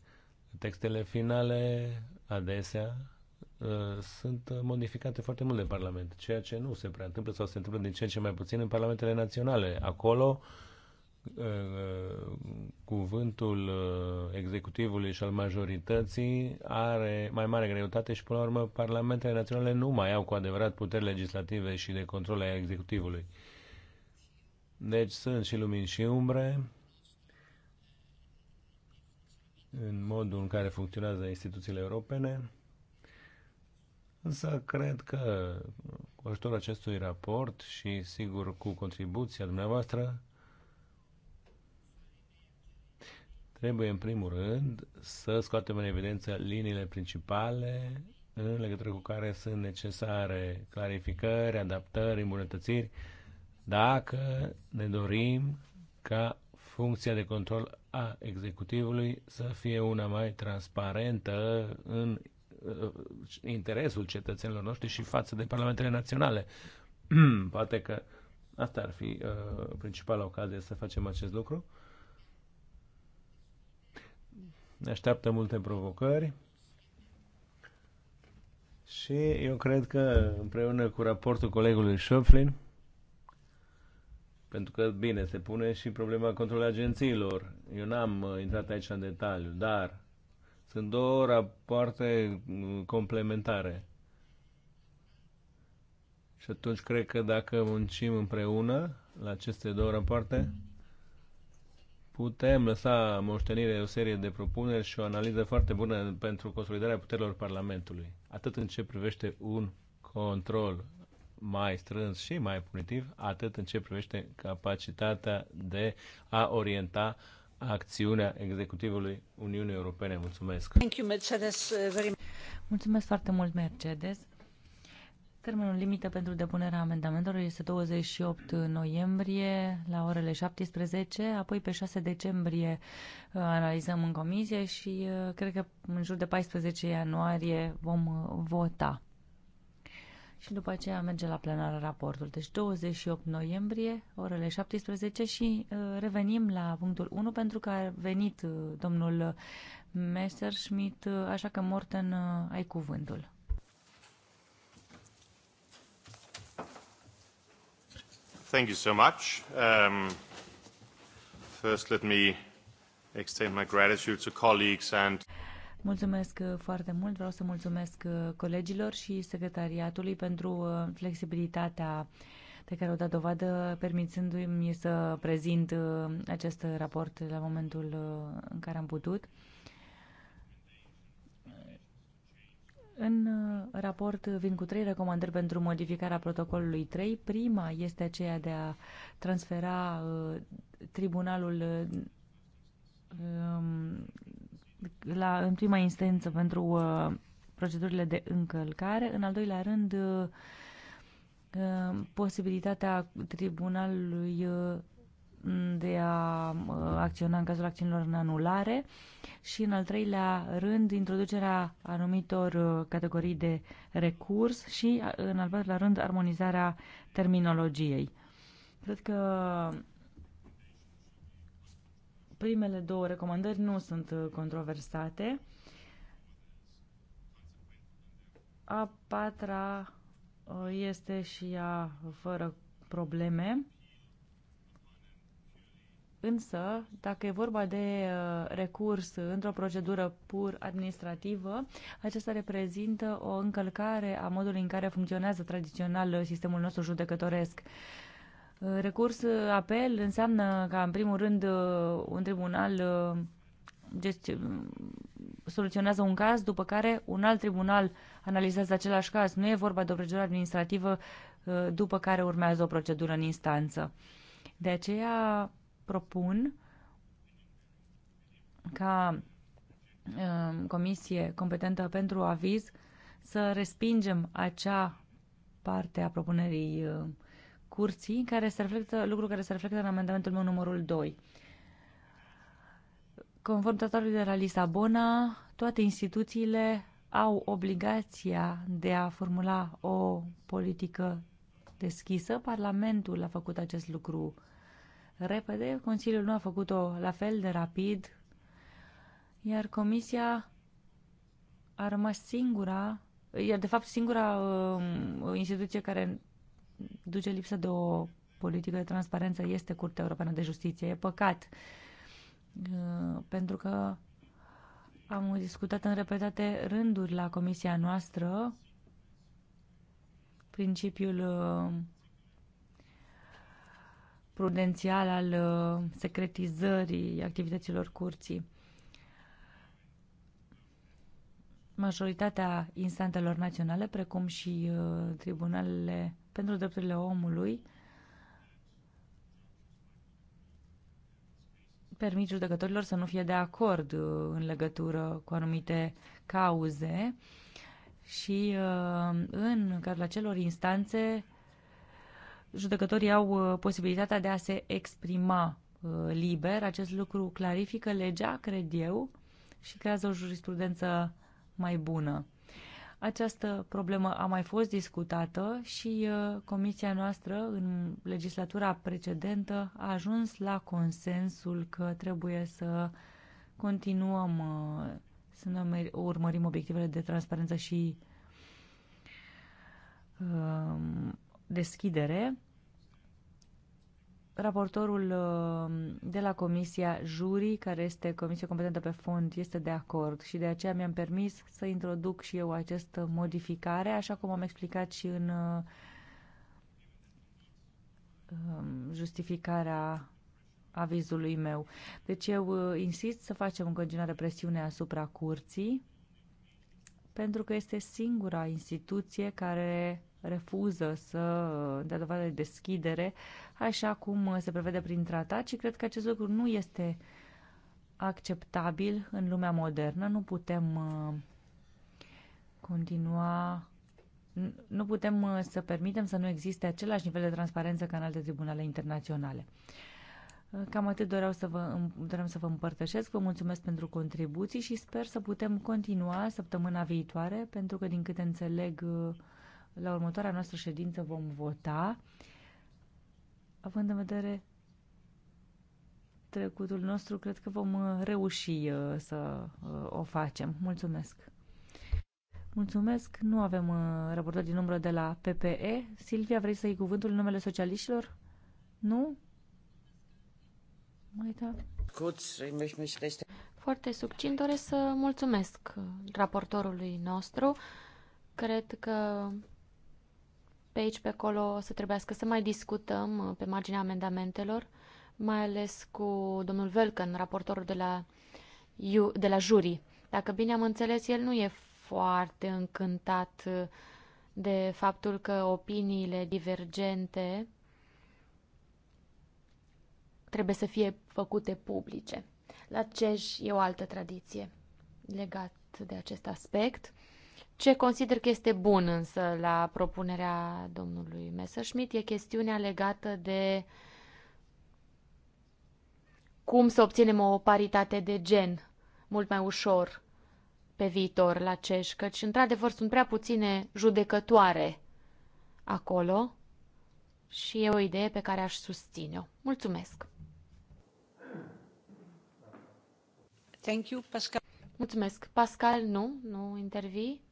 Textele finale, adesea, sunt modificate foarte mult de Parlament, ceea ce nu se prea întâmplă sau se întâmplă din ce în ce mai puțin în Parlamentele naționale. Acolo, uh, Uh, cuvântul uh, executivului și al majorității are mai mare greutate și, până la urmă, parlamentele naționale nu mai au cu adevărat puteri legislative și de control a executivului. Deci sunt și lumini și umbre în modul în care funcționează instituțiile europene, însă cred că cu ajutorul acestui raport și, sigur, cu contribuția dumneavoastră, Trebuie, în primul rând, să scoatem în evidență liniile principale în legătură cu care sunt necesare clarificări, adaptări, îmbunătățiri, dacă ne dorim ca funcția de control a executivului să fie una mai transparentă în uh, interesul cetățenilor noștri și față de parlamentele naționale. [CLEARS THROAT] Poate că asta ar fi uh, principala ocazie să facem acest lucru ne așteaptă multe provocări și eu cred că împreună cu raportul colegului Schöpflin, pentru că, bine, se pune și problema controlului agențiilor. Eu n-am uh, intrat aici în detaliu, dar sunt două rapoarte uh, complementare. Și atunci cred că dacă muncim împreună la aceste două rapoarte, mm putem lăsa moștenire o serie de propuneri și o analiză foarte bună pentru consolidarea puterilor Parlamentului, atât în ce privește un control mai strâns și mai punitiv, atât în ce privește capacitatea de a orienta acțiunea executivului Uniunii Europene. Mulțumesc! Uh, Mulțumesc foarte mult, Mercedes! Termenul limită pentru depunerea amendamentelor este 28 noiembrie la orele 17, apoi pe 6 decembrie uh, analizăm în comisie și uh, cred că în jur de 14 ianuarie vom uh, vota. Și după aceea merge la plenară raportul. Deci 28 noiembrie, orele 17 și revenim la punctul 1 pentru că a venit domnul Messerschmidt, așa că Morten, ai cuvântul. Thank you so much. Um, first, let me extend my gratitude to colleagues and Mulțumesc uh, foarte mult. Vreau să mulțumesc uh, colegilor și secretariatului pentru uh, flexibilitatea de care au dat dovadă, permițându-mi să prezint acest raport la momentul în care am putut. În uh, raport vin cu trei recomandări pentru modificarea protocolului 3. Prima este aceea de a transfera uh, tribunalul uh, um, la, în prima instanță pentru procedurile de încălcare. În al doilea rând, posibilitatea tribunalului de a uh, acționa în cazul acțiunilor în anulare și, în al treilea rând, introducerea anumitor uh, categorii de recurs și, în al patrulea rând, armonizarea terminologiei. Cred că primele două recomandări nu sunt uh, controversate. A patra este și ea fără probleme. Însă, dacă e vorba de uh, recurs într-o procedură pur administrativă, acesta reprezintă o încălcare a modului în care funcționează tradițional sistemul nostru judecătoresc. Uh, recurs uh, apel înseamnă ca, în primul rând, un tribunal soluționează un caz, după care un alt tribunal analizează același caz. Nu e vorba de o procedură administrativă după care urmează o procedură în instanță. De aceea, propun ca um, comisie competentă pentru aviz să respingem acea parte a propunerii uh, curții, care se reflectă, lucru care se reflectă în amendamentul meu numărul 2. Conform tratatului de la Lisabona, toate instituțiile au obligația de a formula o politică deschisă. Parlamentul a făcut acest lucru repede, Consiliul nu a făcut-o la fel de rapid, iar Comisia a rămas singura, iar de fapt singura uh, instituție care duce lipsă de o politică de transparență este Curtea Europeană de Justiție. E păcat, uh, pentru că am discutat în repetate rânduri la comisia noastră principiul uh, prudențial al uh, secretizării activităților curții. Majoritatea instantelor naționale, precum și uh, tribunalele pentru drepturile omului, permit judecătorilor să nu fie de acord uh, în legătură cu anumite cauze și în cadrul acelor instanțe judecătorii au uh, posibilitatea de a se exprima uh, liber. Acest lucru clarifică legea, cred eu, și creează o jurisprudență mai bună. Această problemă a mai fost discutată și uh, comisia noastră în legislatura precedentă a ajuns la consensul că trebuie să continuăm să ne urmărim obiectivele de transparență și um, deschidere. Raportorul uh, de la Comisia Jurii, care este comisia competentă pe fond, este de acord și de aceea mi-am permis să introduc și eu această modificare, așa cum am explicat și în uh, um, justificarea avizului meu. Deci eu uh, insist să facem în continuare presiune asupra curții, pentru că este singura instituție care refuză să dea dovadă de deschidere, așa cum se prevede prin tratat și cred că acest lucru nu este acceptabil în lumea modernă. Nu putem uh, continua nu putem uh, să permitem să nu existe același nivel de transparență ca în alte tribunale internaționale. Uh, cam atât doream să vă, doream să vă împărtășesc. Vă mulțumesc pentru contribuții și sper să putem continua săptămâna viitoare, pentru că, din câte înțeleg, la următoarea noastră ședință vom vota, având în vedere trecutul nostru, cred că vom uh, reuși uh, să uh, o facem. Mulțumesc! Mulțumesc! Nu avem raportor din umbră de la PPE. Silvia, vrei să iei cuvântul în numele socialiștilor? Nu? Da. Mai da. Foarte succint doresc să mulțumesc raportorului nostru. Cred că pe aici, pe acolo, o să trebuiască să mai discutăm uh, pe marginea amendamentelor, mai ales cu domnul Velcan, raportorul de la, de la jurii. Dacă bine am înțeles, el nu e foarte încântat uh, de faptul că opiniile divergente trebuie să fie făcute publice. La ce e o altă tradiție legată de acest aspect. Ce consider că este bun însă la propunerea domnului Messerschmidt e chestiunea legată de cum să obținem o paritate de gen mult mai ușor pe viitor la CEJ, căci într-adevăr sunt prea puține judecătoare acolo și e o idee pe care aș susține-o. Mulțumesc! Thank you, Pascal. Mulțumesc. Pascal, nu, nu intervii.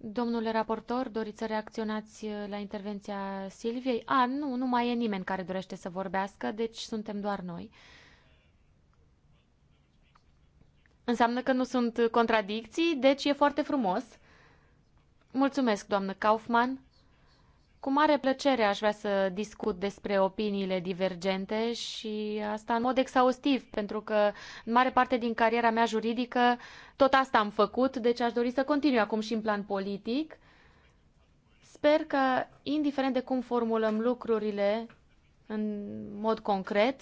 Domnule raportor, doriți să reacționați la intervenția Silviei? A, nu, nu mai e nimeni care dorește să vorbească, deci suntem doar noi. Înseamnă că nu sunt contradicții, deci e foarte frumos. Mulțumesc, doamnă Kaufmann. Cu mare plăcere aș vrea să discut despre opiniile divergente și asta în mod exhaustiv, pentru că în mare parte din cariera mea juridică tot asta am făcut, deci aș dori să continui acum și în plan politic. Sper că, indiferent de cum formulăm lucrurile în mod concret,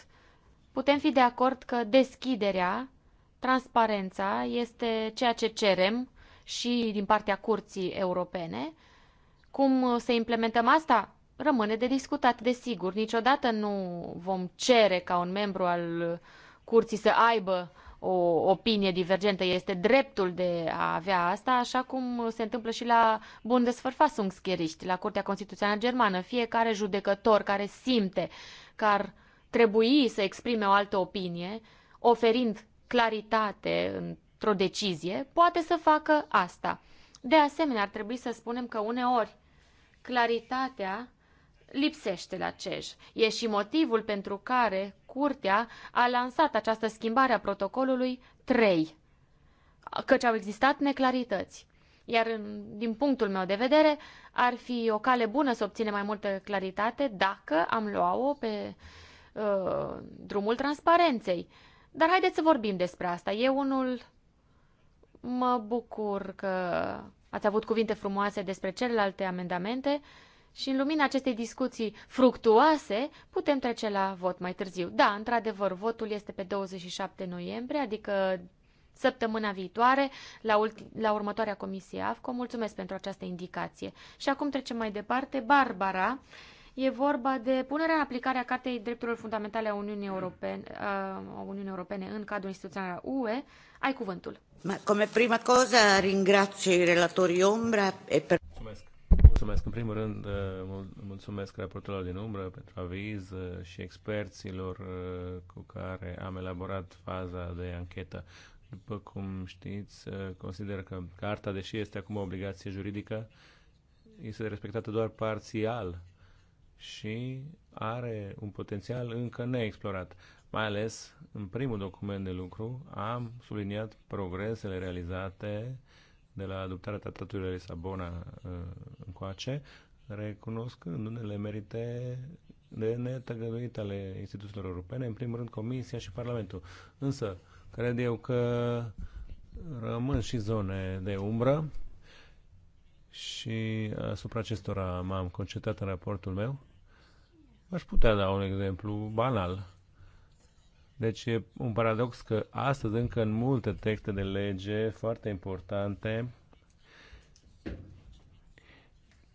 putem fi de acord că deschiderea, transparența este ceea ce cerem și din partea Curții Europene, cum uh, să implementăm asta? Rămâne de discutat, desigur. Niciodată nu vom cere ca un membru al curții să aibă o opinie divergentă. Este dreptul de a avea asta, așa cum se întâmplă și la Bundesverfassungsgericht, la Curtea Constituțională Germană. Fiecare judecător care simte că ar trebui să exprime o altă opinie, oferind claritate într-o decizie, poate să facă asta. De asemenea, ar trebui să spunem că uneori claritatea lipsește la CEJ. E și motivul pentru care Curtea a lansat această schimbare a protocolului 3, căci au existat neclarități. Iar din punctul meu de vedere, ar fi o cale bună să obținem mai multă claritate dacă am luat-o pe uh, drumul transparenței. Dar haideți să vorbim despre asta. Eu unul mă bucur că Ați avut cuvinte frumoase despre celelalte amendamente și în lumina acestei discuții fructuoase putem trece la vot mai târziu. Da, într-adevăr, votul este pe 27 noiembrie, adică săptămâna viitoare, la, la următoarea comisie AFCO. Mulțumesc pentru această indicație. Și acum trecem mai departe. Barbara, e vorba de punerea în aplicare a Cartei Drepturilor Fundamentale a Uniunii Europene, a Uniunii Europene în cadrul instituțional UE. Ai cuvântul. Come prima cosa ringrazio i relatori Ombra e per... Mulțumesc. Mulțumesc. În primul rând, eh, mulțumesc raportorilor din umbră pentru aviz eh, și experților eh, cu care am elaborat faza de anchetă. După cum știți, consider că carta, deși este acum o obligație juridică, este respectată doar parțial și are un potențial încă neexplorat. Mai ales în primul document de lucru am subliniat progresele realizate de la adoptarea tratatului de Lisabona uh, încoace, recunoscând le merite de netăgăduit ale instituțiilor europene, în primul rând Comisia și Parlamentul. Însă, cred eu că rămân și zone de umbră și asupra acestora m-am concentrat în raportul meu. Aș putea da un exemplu banal. Deci e un paradox că astăzi încă în multe texte de lege foarte importante,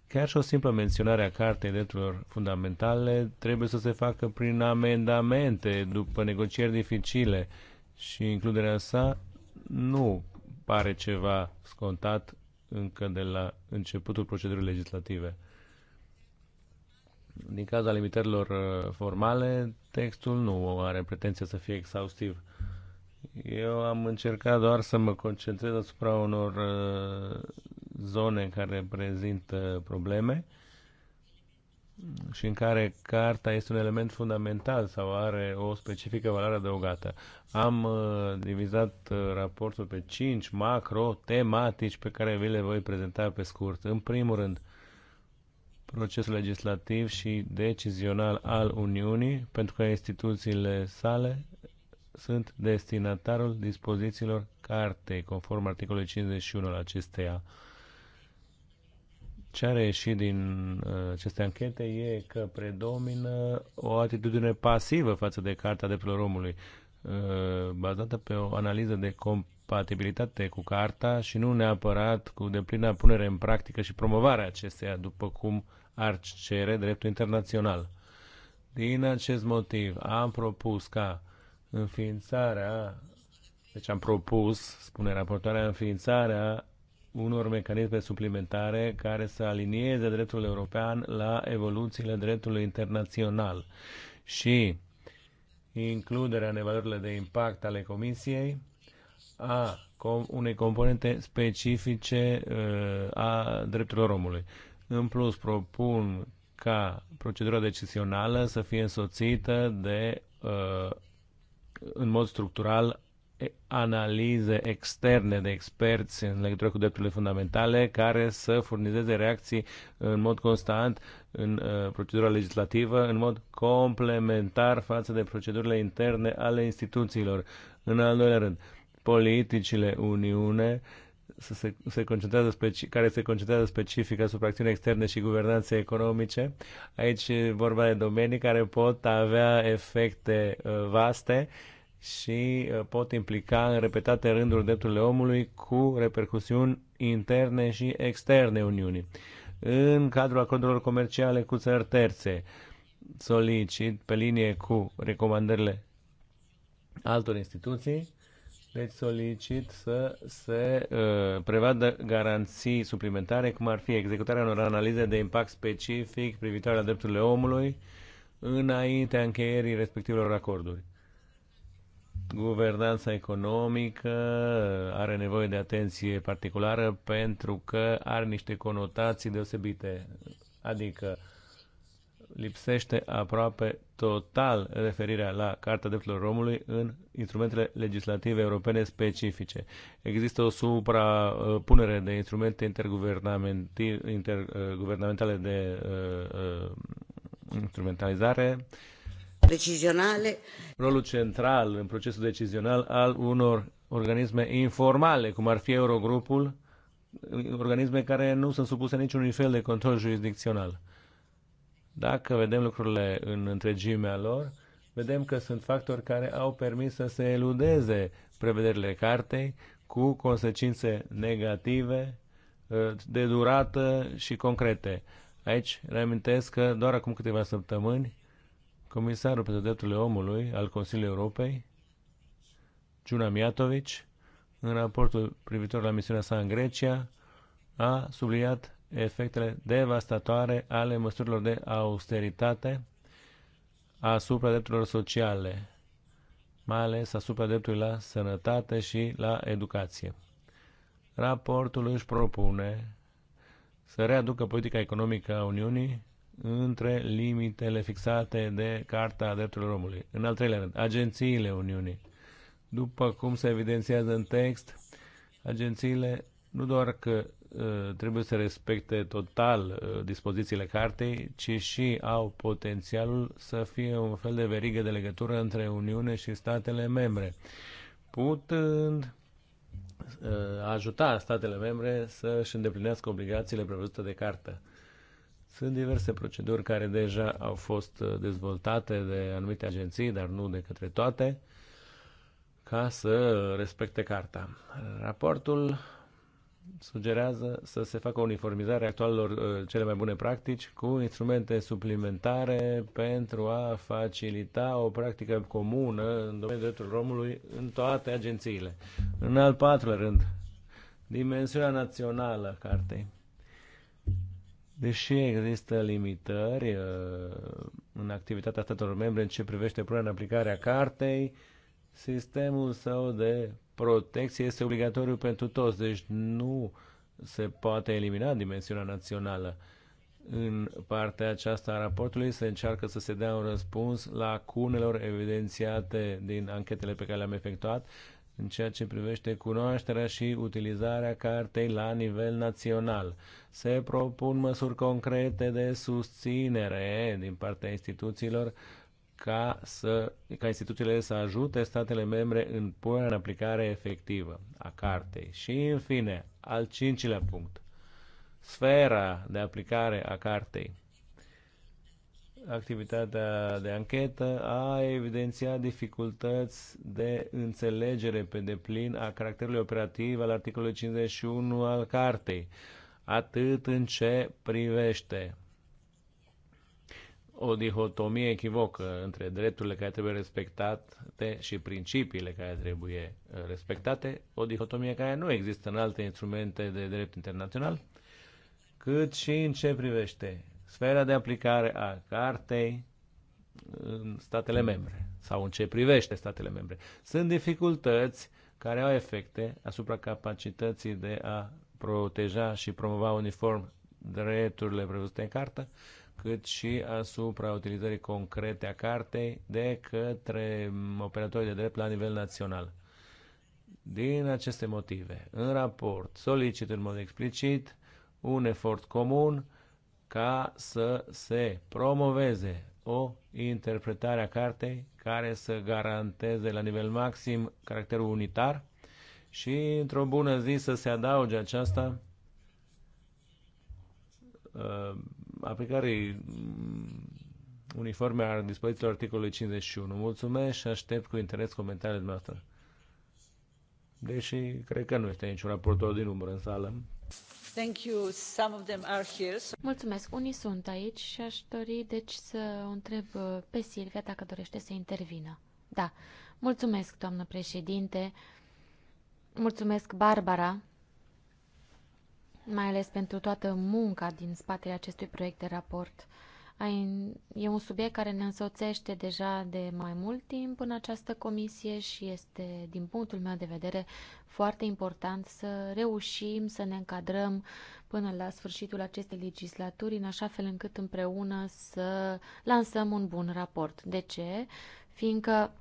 chiar și o simplă menționare a Cartei Drepturilor Fundamentale trebuie să se facă prin amendamente, după negocieri dificile și includerea sa nu pare ceva scontat încă de la începutul procedurii legislative. Din cauza limitărilor uh, formale, Textul nu are pretenția să fie exhaustiv. Eu am încercat doar să mă concentrez asupra unor uh, zone care prezintă probleme și în care carta este un element fundamental sau are o specifică valoare adăugată. Am uh, divizat uh, raportul pe cinci macro tematici pe care vi le voi prezenta pe scurt. În primul rând, proces legislativ și decizional al Uniunii, pentru că instituțiile sale sunt destinatarul dispozițiilor cartei, conform articolului 51 al acesteia. Ce a reieșit din uh, aceste anchete e că predomină o atitudine pasivă față de Carta Drepturilor Omului, uh, bazată pe o analiză de compatibilitate cu Carta și nu neapărat cu deplină punere în practică și promovarea acesteia, după cum uh, ar cere dreptul internațional. Din acest motiv am propus ca înființarea, deci am propus, spune raportoarea, înființarea unor mecanisme suplimentare care să alinieze dreptul european la evoluțiile dreptului internațional și includerea în evaluările de impact ale Comisiei a unei componente specifice uh, a drepturilor omului. În plus, propun ca procedura decizională să fie însoțită de, uh, în mod structural, analize externe de experți în legătură cu drepturile fundamentale care să furnizeze reacții în mod constant în uh, procedura legislativă, în mod complementar față de procedurile interne ale instituțiilor. În al doilea rând, politicile Uniune uh, să se, se concentrează speci, care se concentrează specific asupra acțiunii externe și guvernanței economice. Aici e vorba de domenii care pot avea efecte uh, vaste și uh, pot implica în repetate rânduri drepturile omului cu repercusiuni interne și externe Uniunii. În cadrul acordurilor comerciale cu țări terțe, solicit pe linie cu recomandările altor instituții deci solicit să se uh, prevadă garanții suplimentare, cum ar fi executarea unor analize de impact specific privitoare la drepturile omului înaintea încheierii respectivelor acorduri. Guvernanța economică uh, are nevoie de atenție particulară pentru că are niște conotații deosebite. Adică lipsește aproape total referirea la Carta Drepturilor Romului în instrumentele legislative europene specifice. Există o suprapunere de instrumente interguvernamentale de uh, uh, instrumentalizare decizionale. Rolul central în procesul decizional al unor organisme informale, cum ar fi Eurogrupul, organisme care nu sunt supuse niciunui fel de control jurisdicțional. Dacă vedem lucrurile în întregimea lor, vedem că sunt factori care au permis să se eludeze prevederile cartei cu consecințe negative ă, de durată și concrete. Aici reamintesc că doar acum câteva săptămâni Comisarul pentru Drepturile Omului al Consiliului Europei, Giuna Miatovici, în raportul privitor la misiunea sa în Grecia, a subliniat efectele devastatoare ale măsurilor de austeritate asupra drepturilor sociale, mai ales asupra dreptului la sănătate și la educație. Raportul își propune să readucă politica economică a Uniunii între limitele fixate de Carta Drepturilor Omului. În al treilea rând, agențiile Uniunii. După cum se evidențiază în text, agențiile nu doar că Uh, trebuie să respecte total uh, dispozițiile cartei, ci și au potențialul să fie un fel de verigă de legătură între Uniune și statele membre, putând uh, ajuta statele membre să își îndeplinească obligațiile prevăzute de cartă. Sunt diverse proceduri care deja au fost dezvoltate de anumite agenții, dar nu de către toate, ca să respecte carta. Raportul sugerează să se facă uniformizarea actualelor uh, cele mai bune practici cu instrumente suplimentare pentru a facilita o practică comună în domeniul drepturilor omului în toate agențiile. În al patrulea rând, dimensiunea națională a cartei. Deși există limitări uh, în activitatea statelor membre în ce privește punerea în aplicare a cartei, sistemul său de protecție este obligatoriu pentru toți, deci nu se poate elimina dimensiunea națională. În partea aceasta a raportului se încearcă să se dea un răspuns la lacunelor evidențiate din anchetele pe care le-am efectuat în ceea ce privește cunoașterea și utilizarea cartei la nivel național. Se propun măsuri concrete de susținere din partea instituțiilor ca, să, ca instituțiile să ajute statele membre în punerea în aplicare efectivă a cartei. Și, în fine, al cincilea punct, sfera de aplicare a cartei. Activitatea de anchetă a evidențiat dificultăți de înțelegere pe deplin a caracterului operativ al articolului 51 al cartei, atât în ce privește o dihotomie echivocă între drepturile care trebuie respectate și principiile care trebuie uh, respectate, o dihotomie care nu există în alte instrumente de drept internațional, cât și în ce privește sfera de aplicare a cartei în statele membre sau în ce privește statele membre. Sunt dificultăți care au efecte asupra capacității de a proteja și promova uniform drepturile prevăzute în cartă, cât și asupra utilizării concrete a cartei de către operatorii de drept la nivel național. Din aceste motive, în raport solicit în mod explicit un efort comun ca să se promoveze o interpretare a cartei care să garanteze la nivel maxim caracterul unitar și într-o bună zi să se adauge aceasta uh, aplicării uniforme a dispozițiilor articolului 51. Mulțumesc și aștept cu interes comentariile dumneavoastră. Deși cred că nu este niciun raportor din umbră în sală. Thank you. Some of them are here, so... Mulțumesc. Unii sunt aici și aș dori deci să o întreb uh, pe Silvia dacă dorește să intervină. Da. Mulțumesc, doamnă președinte. Mulțumesc, Barbara, mai ales pentru toată munca din spatele acestui proiect de raport. E un subiect care ne însoțește deja de mai mult timp în această comisie și este, din punctul meu de vedere, foarte important să reușim să ne încadrăm până la sfârșitul acestei legislaturi, în așa fel încât împreună să lansăm un bun raport. De ce? Fiindcă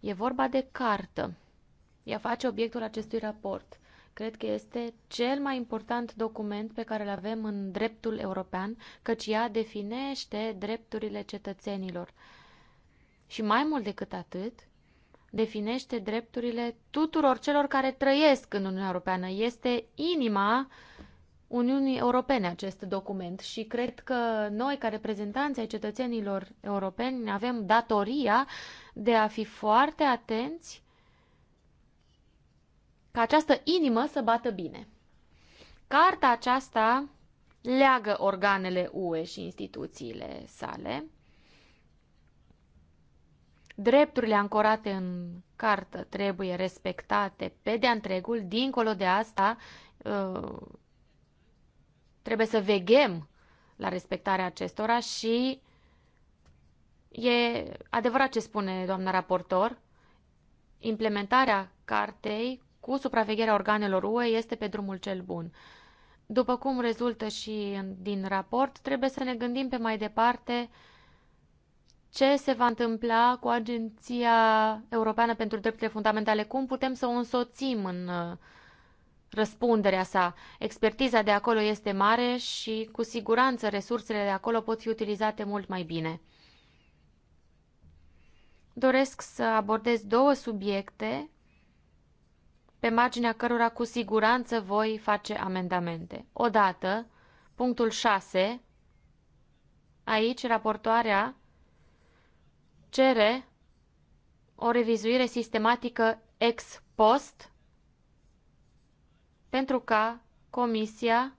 e vorba de cartă. Ea face obiectul acestui raport. Cred că este cel mai important document pe care îl avem în dreptul european, căci ea definește drepturile cetățenilor. Și mai mult decât atât, definește drepturile tuturor celor care trăiesc în Uniunea Europeană. Este inima Uniunii Europene acest document și cred că noi, ca reprezentanți ai cetățenilor europeni, avem datoria de a fi foarte atenți ca această inimă să bată bine. Carta aceasta leagă organele UE și instituțiile sale, drepturile ancorate în cartă trebuie respectate pe de-a întregul, dincolo de asta uh, trebuie să veghem la respectarea acestora și e adevărat ce spune doamna raportor, implementarea cartei cu supravegherea organelor UE este pe drumul cel bun. După cum rezultă și din raport, trebuie să ne gândim pe mai departe ce se va întâmpla cu Agenția Europeană pentru Drepturile Fundamentale, cum putem să o însoțim în uh, răspunderea sa. Expertiza de acolo este mare și cu siguranță resursele de acolo pot fi utilizate mult mai bine. Doresc să abordez două subiecte pe marginea cărora cu siguranță voi face amendamente. Odată, punctul 6, aici raportoarea cere o revizuire sistematică ex post pentru ca comisia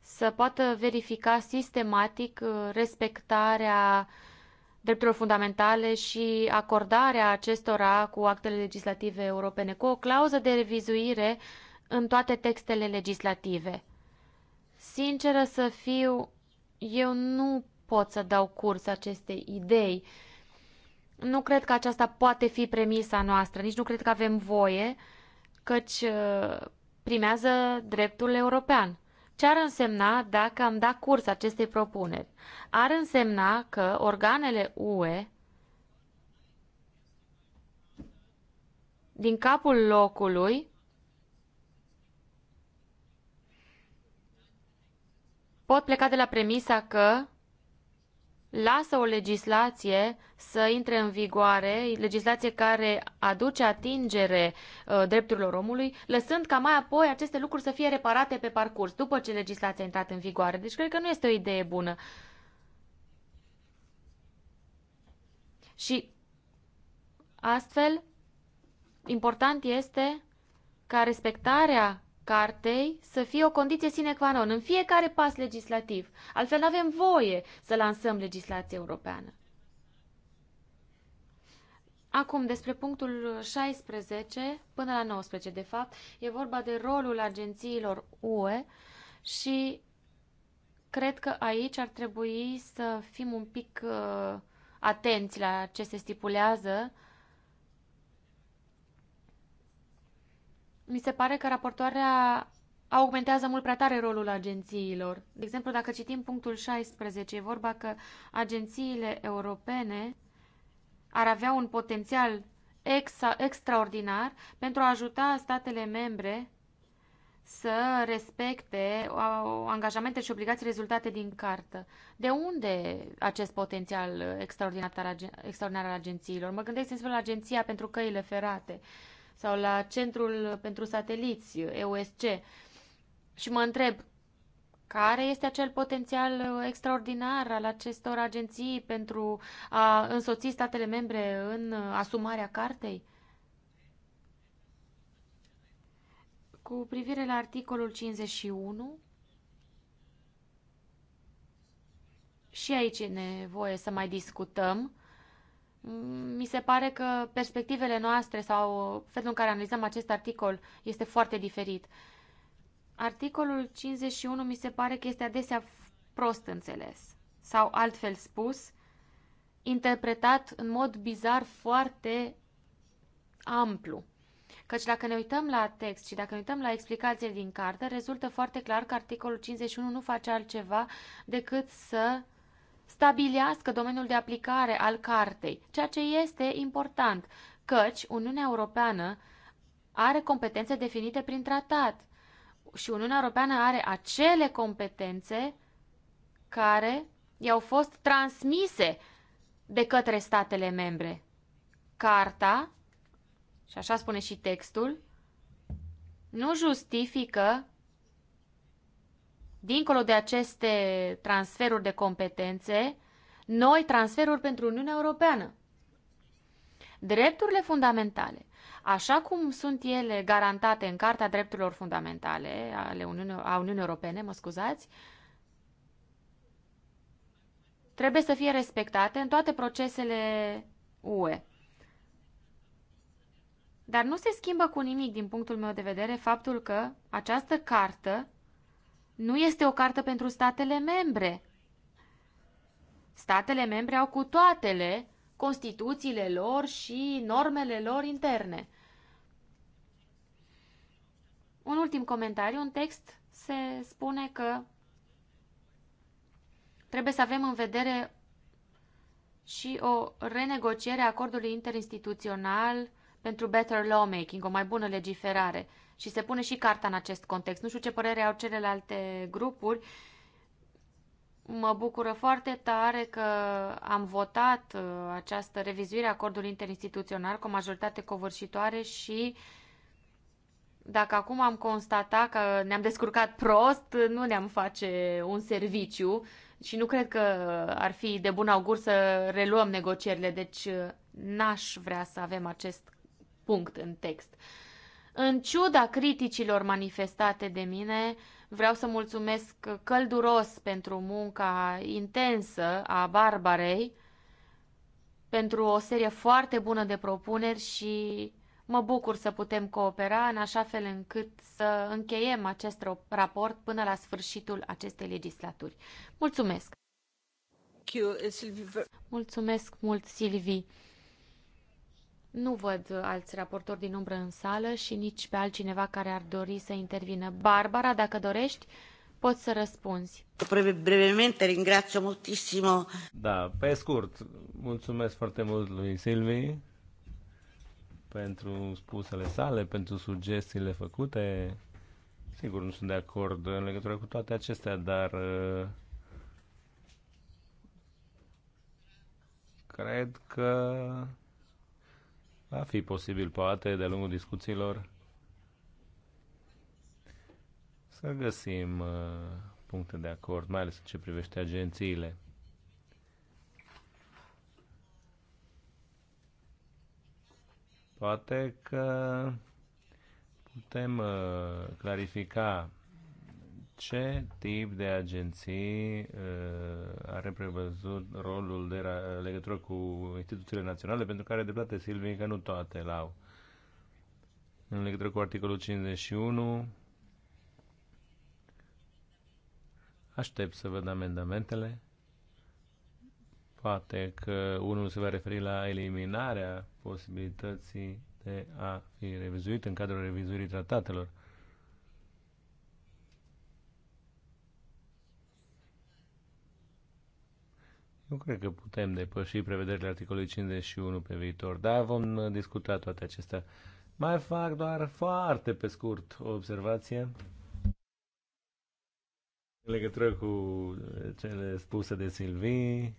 să poată verifica sistematic uh, respectarea uh, drepturilor fundamentale și acordarea acestora cu actele legislative europene, cu o clauză de revizuire în toate textele legislative. Sinceră să fiu, eu nu pot să dau curs acestei idei. Nu cred că aceasta poate fi premisa noastră, nici nu cred că avem voie, căci uh, primează dreptul european. Ce ar însemna dacă am dat curs acestei propuneri? Ar însemna că organele UE din capul locului pot pleca de la premisa că lasă o legislație să intre în vigoare, legislație care aduce atingere uh, drepturilor omului, lăsând ca mai apoi aceste lucruri să fie reparate pe parcurs, după ce legislația a intrat în vigoare. Deci cred că nu este o idee bună. Și astfel, important este ca respectarea cartei să fie o condiție sine qua non în fiecare pas legislativ. Altfel nu avem voie să lansăm legislație europeană. Acum, despre punctul 16 până la 19, de fapt, e vorba de rolul agențiilor UE și cred că aici ar trebui să fim un pic uh, atenți la ce se stipulează Mi se pare că raportoarea augmentează mult prea tare rolul agențiilor. De exemplu, dacă citim punctul 16, e vorba că agențiile europene ar avea un potențial exa extraordinar pentru a ajuta statele membre să respecte angajamente și obligații rezultate din cartă. De unde acest potențial extraordinar al, agen extraordinar al agențiilor? Mă gândesc în la Agenția pentru Căile Ferate. Uh, sau la Centrul pentru Sateliți, EUSC, și mă întreb care este acel potențial extraordinar al acestor agenții pentru a însoți statele membre în asumarea cartei? Cu privire la articolul 51, și aici e nevoie să mai discutăm mi se pare că perspectivele noastre sau felul în care analizăm acest articol este foarte diferit. Articolul 51 mi se pare că este adesea prost înțeles sau altfel spus, interpretat în mod bizar foarte amplu. Căci dacă ne uităm la text și dacă ne uităm la explicațiile din carte, rezultă foarte clar că articolul 51 nu face altceva decât să stabilească domeniul de aplicare al cartei, ceea ce este important, căci Uniunea Europeană are competențe definite prin tratat și Uniunea Europeană are acele competențe care i-au fost transmise de către statele membre. Carta, și așa spune și textul, nu justifică dincolo de aceste transferuri de competențe, noi transferuri pentru Uniunea Europeană. Drepturile fundamentale, așa cum sunt ele garantate în Carta Drepturilor Fundamentale ale Uniunii, a Uniunii Europene, mă scuzați, trebuie să fie respectate în toate procesele UE. Dar nu se schimbă cu nimic, din punctul meu de vedere, faptul că această cartă nu este o cartă pentru statele membre. Statele membre au cu toatele constituțiile lor și normele lor interne. Un ultim comentariu, un text se spune că trebuie să avem în vedere și o renegociere a acordului interinstituțional pentru better lawmaking, o mai bună legiferare și se pune și carta în acest context. Nu știu ce părere au celelalte grupuri. Mă bucură foarte tare că am votat uh, această revizuire a acordului interinstituțional cu o majoritate covârșitoare și dacă acum am constatat că ne-am descurcat prost, nu ne-am face un serviciu și nu cred că ar fi de bun augur să reluăm negocierile, deci uh, n-aș vrea să avem acest punct în text. În ciuda criticilor manifestate de mine, vreau să mulțumesc călduros pentru munca intensă a Barbarei, pentru o serie foarte bună de propuneri și mă bucur să putem coopera în așa fel încât să încheiem acest raport până la sfârșitul acestei legislaturi. Mulțumesc! Mulțumesc mult, Silvi! Nu văd alți raportori din umbră în sală și nici pe altcineva care ar dori să intervină. Barbara, dacă dorești, poți să răspunzi. Brevemente, ringrazio moltissimo. Da, pe scurt, mulțumesc foarte mult lui Silvi pentru spusele sale, pentru sugestiile făcute. Sigur, nu sunt de acord în legătură cu toate acestea, dar uh, cred că Va fi posibil, poate, de-a lungul discuțiilor să găsim uh, puncte de acord, mai ales în ce privește agențiile. Poate că putem uh, clarifica ce tip de agenții uh, are prevăzut rolul de legătură cu instituțiile naționale, pentru care dreptate Silvie că nu toate l-au. În legătură cu articolul 51, aștept să văd amendamentele. Poate că unul se va referi la eliminarea posibilității de a fi revizuit în cadrul revizuirii tratatelor. Nu cred că putem depăși prevederile articolului 51 pe viitor, dar vom discuta toate acestea. Mai fac doar foarte pe scurt o observație în legătură cu cele spuse de Silvi.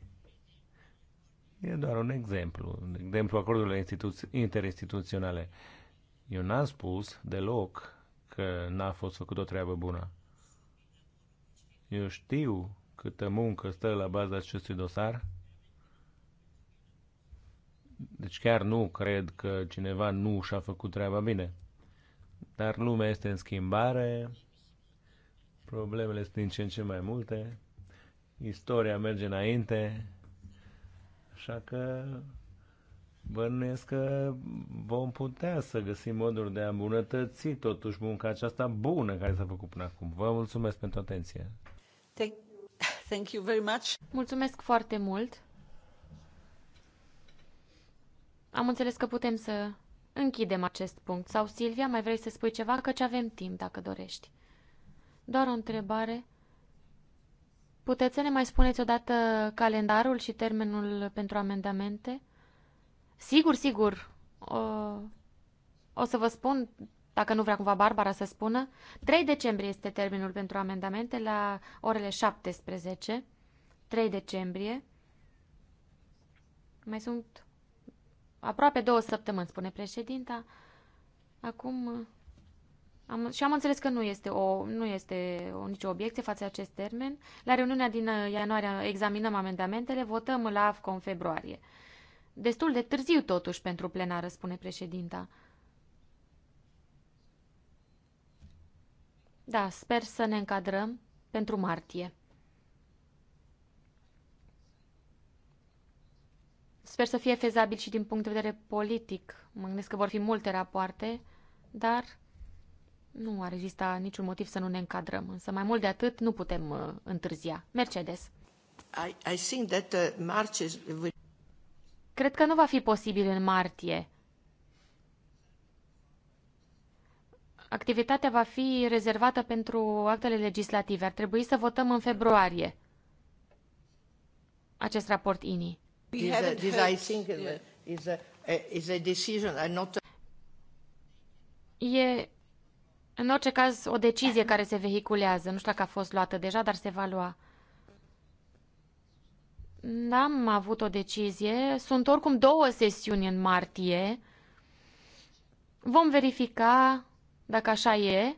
E doar un exemplu, de exemplu acordurile interinstituționale. Eu n-am spus deloc că n-a fost făcut o treabă bună. Eu știu câtă muncă stă la baza acestui dosar. Deci chiar nu cred că cineva nu și-a făcut treaba bine. Dar lumea este în schimbare, problemele sunt din ce în ce mai multe, istoria merge înainte, așa că bănuiesc că vom putea să găsim moduri de a îmbunătăți totuși munca aceasta bună care s-a făcut până acum. Vă mulțumesc pentru atenție. Thank you very much. Mulțumesc foarte mult. Am înțeles că putem să închidem acest punct. Sau, Silvia, mai vrei să spui ceva? Căci avem timp, dacă dorești. Doar o întrebare. Puteți să ne mai spuneți odată calendarul și termenul pentru amendamente? Sigur, sigur. O, o să vă spun dacă nu vrea cumva Barbara să spună. 3 decembrie este termenul pentru amendamente la orele 17. 3 decembrie. Mai sunt aproape două săptămâni, spune președinta. Acum am, și am înțeles că nu este, o, nu este o, nicio obiecție față de acest termen. La reuniunea din uh, ianuarie examinăm amendamentele, votăm la AFCO în februarie. Destul de târziu, totuși, pentru plenară, spune președinta. Da, sper să ne încadrăm pentru martie. Sper să fie fezabil și din punct de vedere politic. Mă gândesc că vor fi multe rapoarte, dar nu ar exista niciun motiv să nu ne încadrăm. Însă mai mult de atât nu putem uh, întârzia. Mercedes. I, I think that, uh, will... Cred că nu va fi posibil în martie Activitatea va fi rezervată pentru actele legislative. Ar trebui să votăm în februarie acest raport uh, INI. Uh, uh, e în orice caz o decizie care se vehiculează. Nu știu dacă a fost luată deja, dar se va lua. N-am avut o decizie. Sunt oricum două sesiuni în martie. Vom verifica dacă așa e,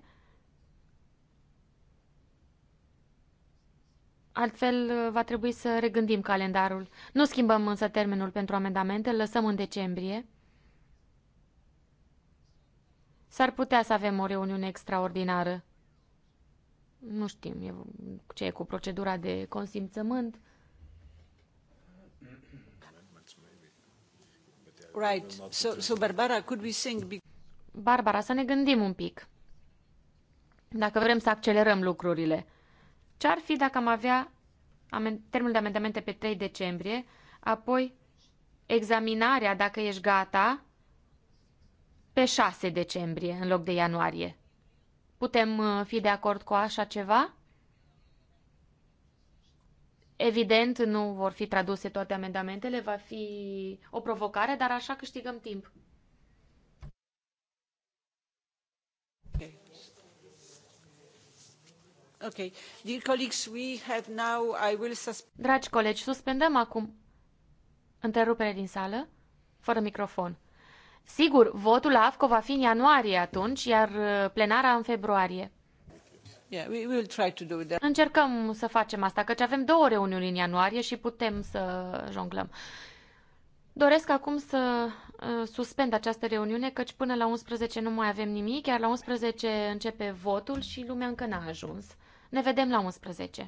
altfel uh, va trebui să regândim calendarul. Nu schimbăm însă termenul pentru amendamente, îl lăsăm în decembrie. S-ar putea să avem o reuniune extraordinară. Nu știm ce e cu procedura de consimțământ. Right. So, so Barbara, could we sing? Barbara, să ne gândim un pic. Dacă vrem să accelerăm lucrurile, ce ar fi dacă am avea termenul de amendamente pe 3 decembrie, apoi examinarea, dacă ești gata, pe 6 decembrie în loc de ianuarie? Putem uh, fi de acord cu așa ceva? Evident, nu vor fi traduse toate amendamentele, va fi o provocare, dar așa câștigăm timp. Dragi colegi, suspendăm acum întrerupere din sală, fără microfon. Sigur, votul la AFCO va fi în ianuarie atunci, iar uh, plenara în februarie. Yeah, we will try to do that. Încercăm să facem asta, căci avem două reuniuni în ianuarie și putem să jonglăm. Doresc acum să uh, suspend această reuniune, căci până la 11 nu mai avem nimic, iar la 11 începe votul și lumea încă n-a ajuns. Ne vedem la 11. Gracias.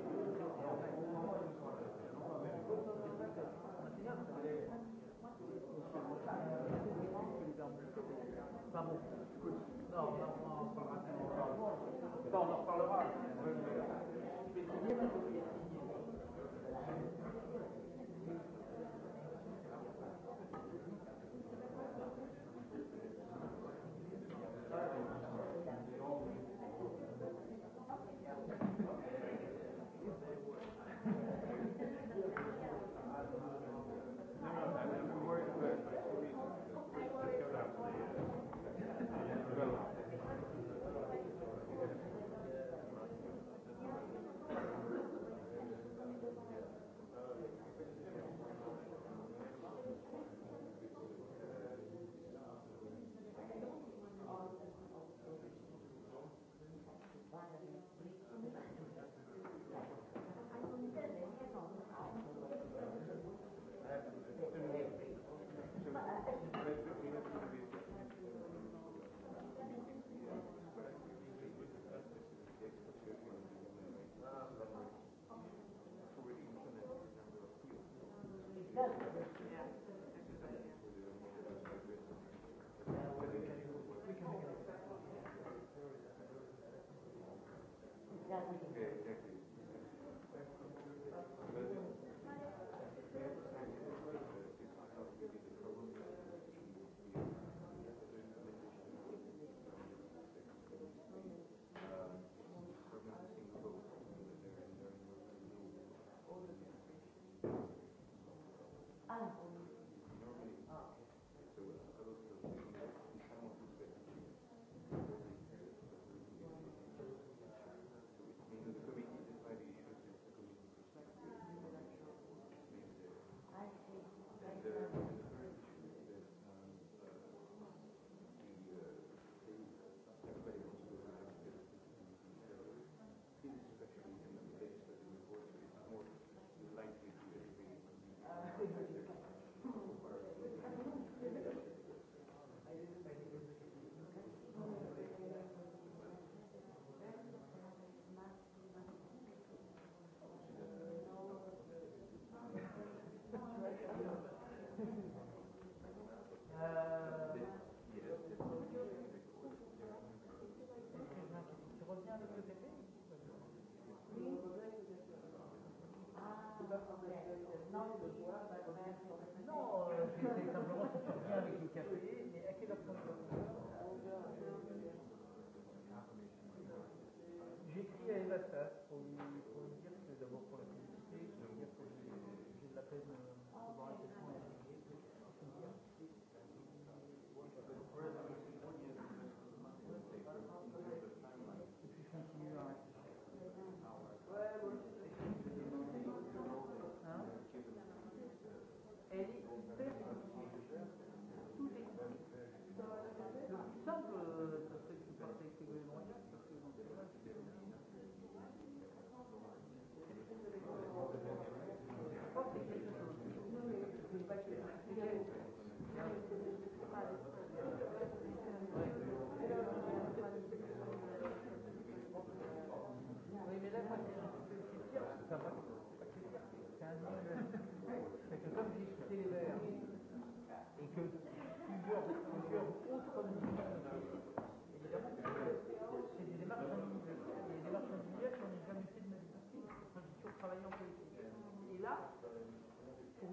Non, il doit, ben, on a un No, c'est simplement pour sortir avec une café.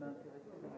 Da.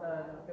Da, nu, pe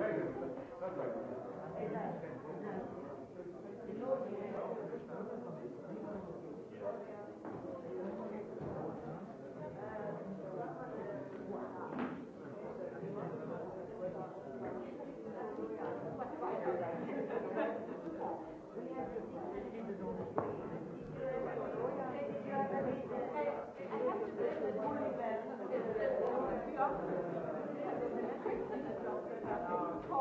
Thank you.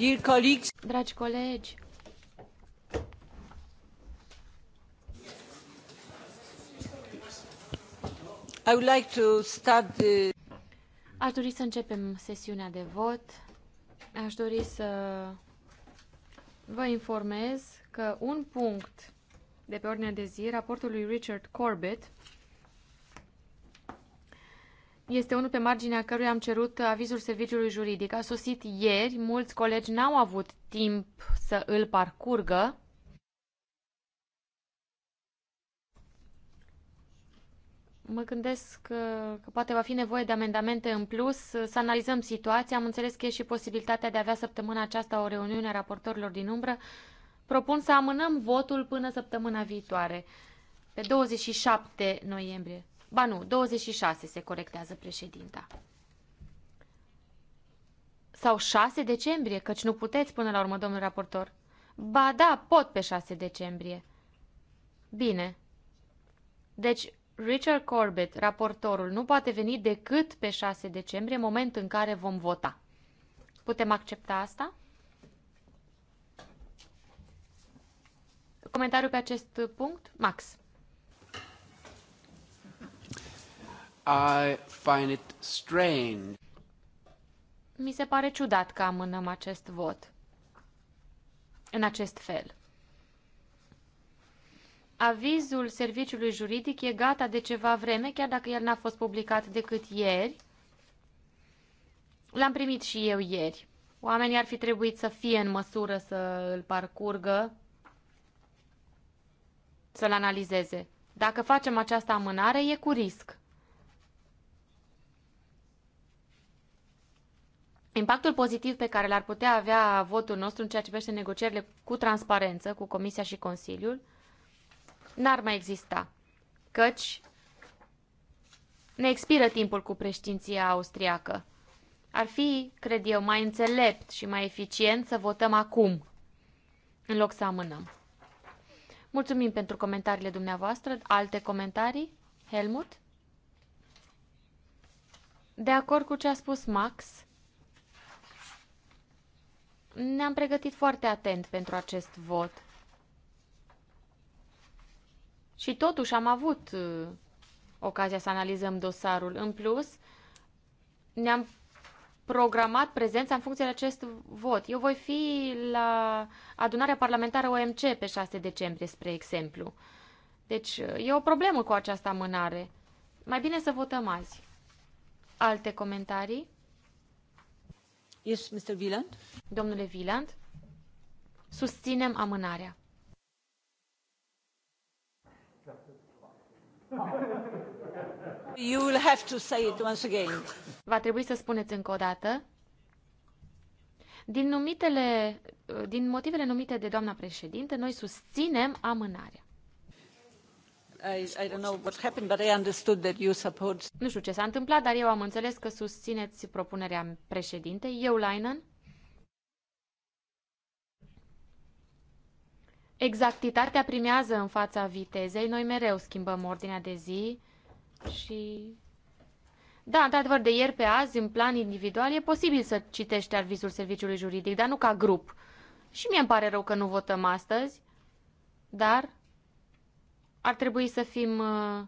Dear colleagues, dragi colegi, I would like to start the... Aș dori să începem sesiunea de vot. Aș dori să vă informez că un punct de pe ordinea de zi, raportul lui Richard Corbett, este unul pe marginea căruia am cerut avizul serviciului juridic. A sosit ieri, mulți colegi n-au avut timp să îl parcurgă. Mă gândesc că, uh, că poate va fi nevoie de amendamente în plus, uh, să analizăm situația. Am înțeles că e și posibilitatea de a avea săptămâna aceasta o reuniune a raportorilor din umbră. Propun să amânăm votul până săptămâna viitoare, pe 27 noiembrie. Ba nu, 26 se corectează președinta. Sau 6 decembrie, căci nu puteți până la urmă, domnul raportor. Ba da, pot pe 6 decembrie. Bine. Deci, Richard Corbett, raportorul, nu poate veni decât pe 6 decembrie, moment în care vom vota. Putem accepta asta? Comentariu pe acest punct? Max. I find it strange. Mi se pare ciudat că amânăm acest vot în acest fel. Avizul serviciului juridic e gata de ceva vreme, chiar dacă el n-a fost publicat decât ieri. L-am primit și eu ieri. Oamenii ar fi trebuit să fie în măsură să îl parcurgă, să-l analizeze. Dacă facem această amânare, e cu risc. Impactul pozitiv pe care l-ar putea avea votul nostru în ceea ce privește negocierile cu transparență, cu Comisia și Consiliul, n-ar mai exista, căci ne expiră timpul cu preștinția austriacă. Ar fi, cred eu, mai înțelept și mai eficient să votăm acum, în loc să amânăm. Mulțumim pentru comentariile dumneavoastră. Alte comentarii? Helmut? De acord cu ce a spus Max, ne-am pregătit foarte atent pentru acest vot. Și totuși am avut uh, ocazia să analizăm dosarul. În plus, ne-am programat prezența în funcție de acest vot. Eu voi fi la adunarea parlamentară OMC pe 6 decembrie, spre exemplu. Deci uh, e o problemă cu această amânare. Mai bine să votăm azi. Alte comentarii? Mr. Wieland. Domnule Wieland, susținem amânarea. You will have to say it once again. Va trebui să spuneți încă o dată. Din, numitele, din motivele numite de doamna președinte, noi susținem amânarea. Nu știu ce s-a întâmplat, dar eu am înțeles că susțineți propunerea președintei. Eu, Leinen? Exactitatea primează în fața vitezei. Noi mereu schimbăm ordinea de zi și... Da, într-adevăr, de ieri pe azi, în plan individual, e posibil să citești avizul serviciului juridic, dar nu ca grup. Și mie îmi pare rău că nu votăm astăzi, dar ar trebui să fim uh,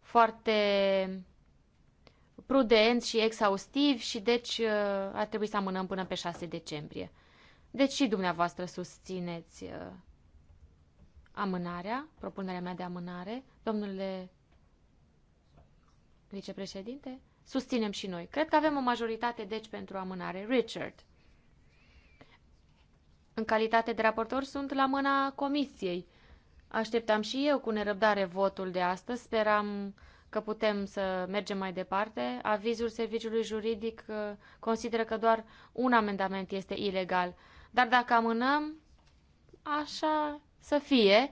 foarte prudenți și exhaustivi și deci uh, ar trebui să amânăm până pe 6 decembrie. Deci și dumneavoastră susțineți uh, amânarea, propunerea mea de amânare. Domnule vicepreședinte, susținem și noi. Cred că avem o majoritate, deci, pentru amânare. Richard. În calitate de raportor sunt la mâna comisiei Așteptam și eu cu nerăbdare votul de astăzi. Speram că putem să mergem mai departe. Avizul serviciului juridic uh, consideră că doar un amendament este ilegal. Dar dacă amânăm, așa să fie.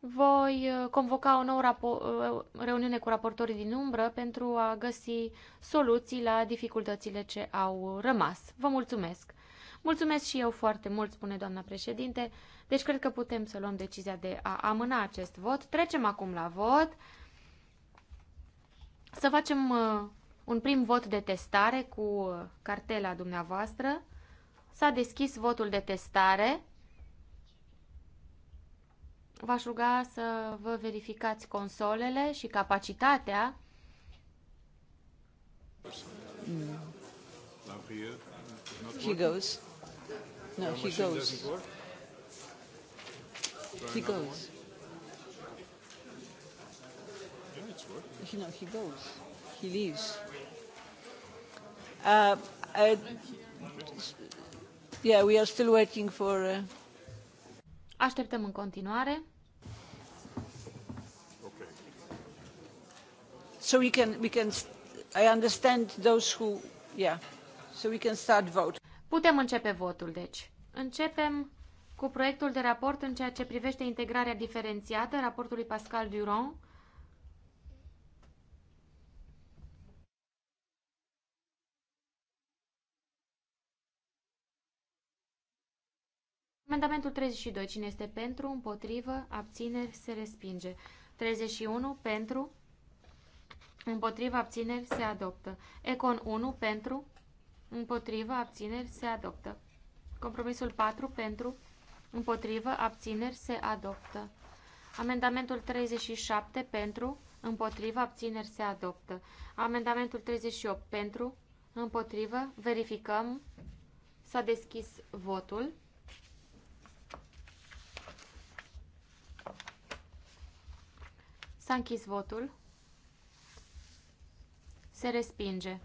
Voi uh, convoca o nouă uh, reuniune cu raportorii din umbră pentru a găsi soluții la dificultățile ce au rămas. Vă mulțumesc! Mulțumesc și eu foarte mult, spune doamna președinte. Deci cred că putem să luăm decizia de a amâna acest vot. Trecem acum la vot. Să facem uh, un prim vot de testare cu uh, cartela dumneavoastră. S-a deschis votul de testare. V-aș ruga să vă verificați consolele și capacitatea. Mm. He goes. No, he goes. He goes. Yeah, it's No, he goes. He leaves. Uh, I, uh, yeah, we are still waiting for. Uh... Așteptăm în continuare. So we can we can I understand those who yeah. So we can start vote. Putem începe votul, deci. Începem cu proiectul de raport în ceea ce privește integrarea diferențiată, raportului Pascal Durand. Amendamentul 32. Cine este pentru, împotrivă, abțineri, se respinge. 31. Pentru, împotrivă, abțineri, se adoptă. Econ 1. Pentru, împotrivă, abțineri, se adoptă. Compromisul 4. Pentru, împotrivă, abțineri, se adoptă. Amendamentul 37 pentru, împotrivă, abțineri, se adoptă. Amendamentul 38 pentru, împotrivă, verificăm, s-a deschis votul. S-a închis votul. Se respinge.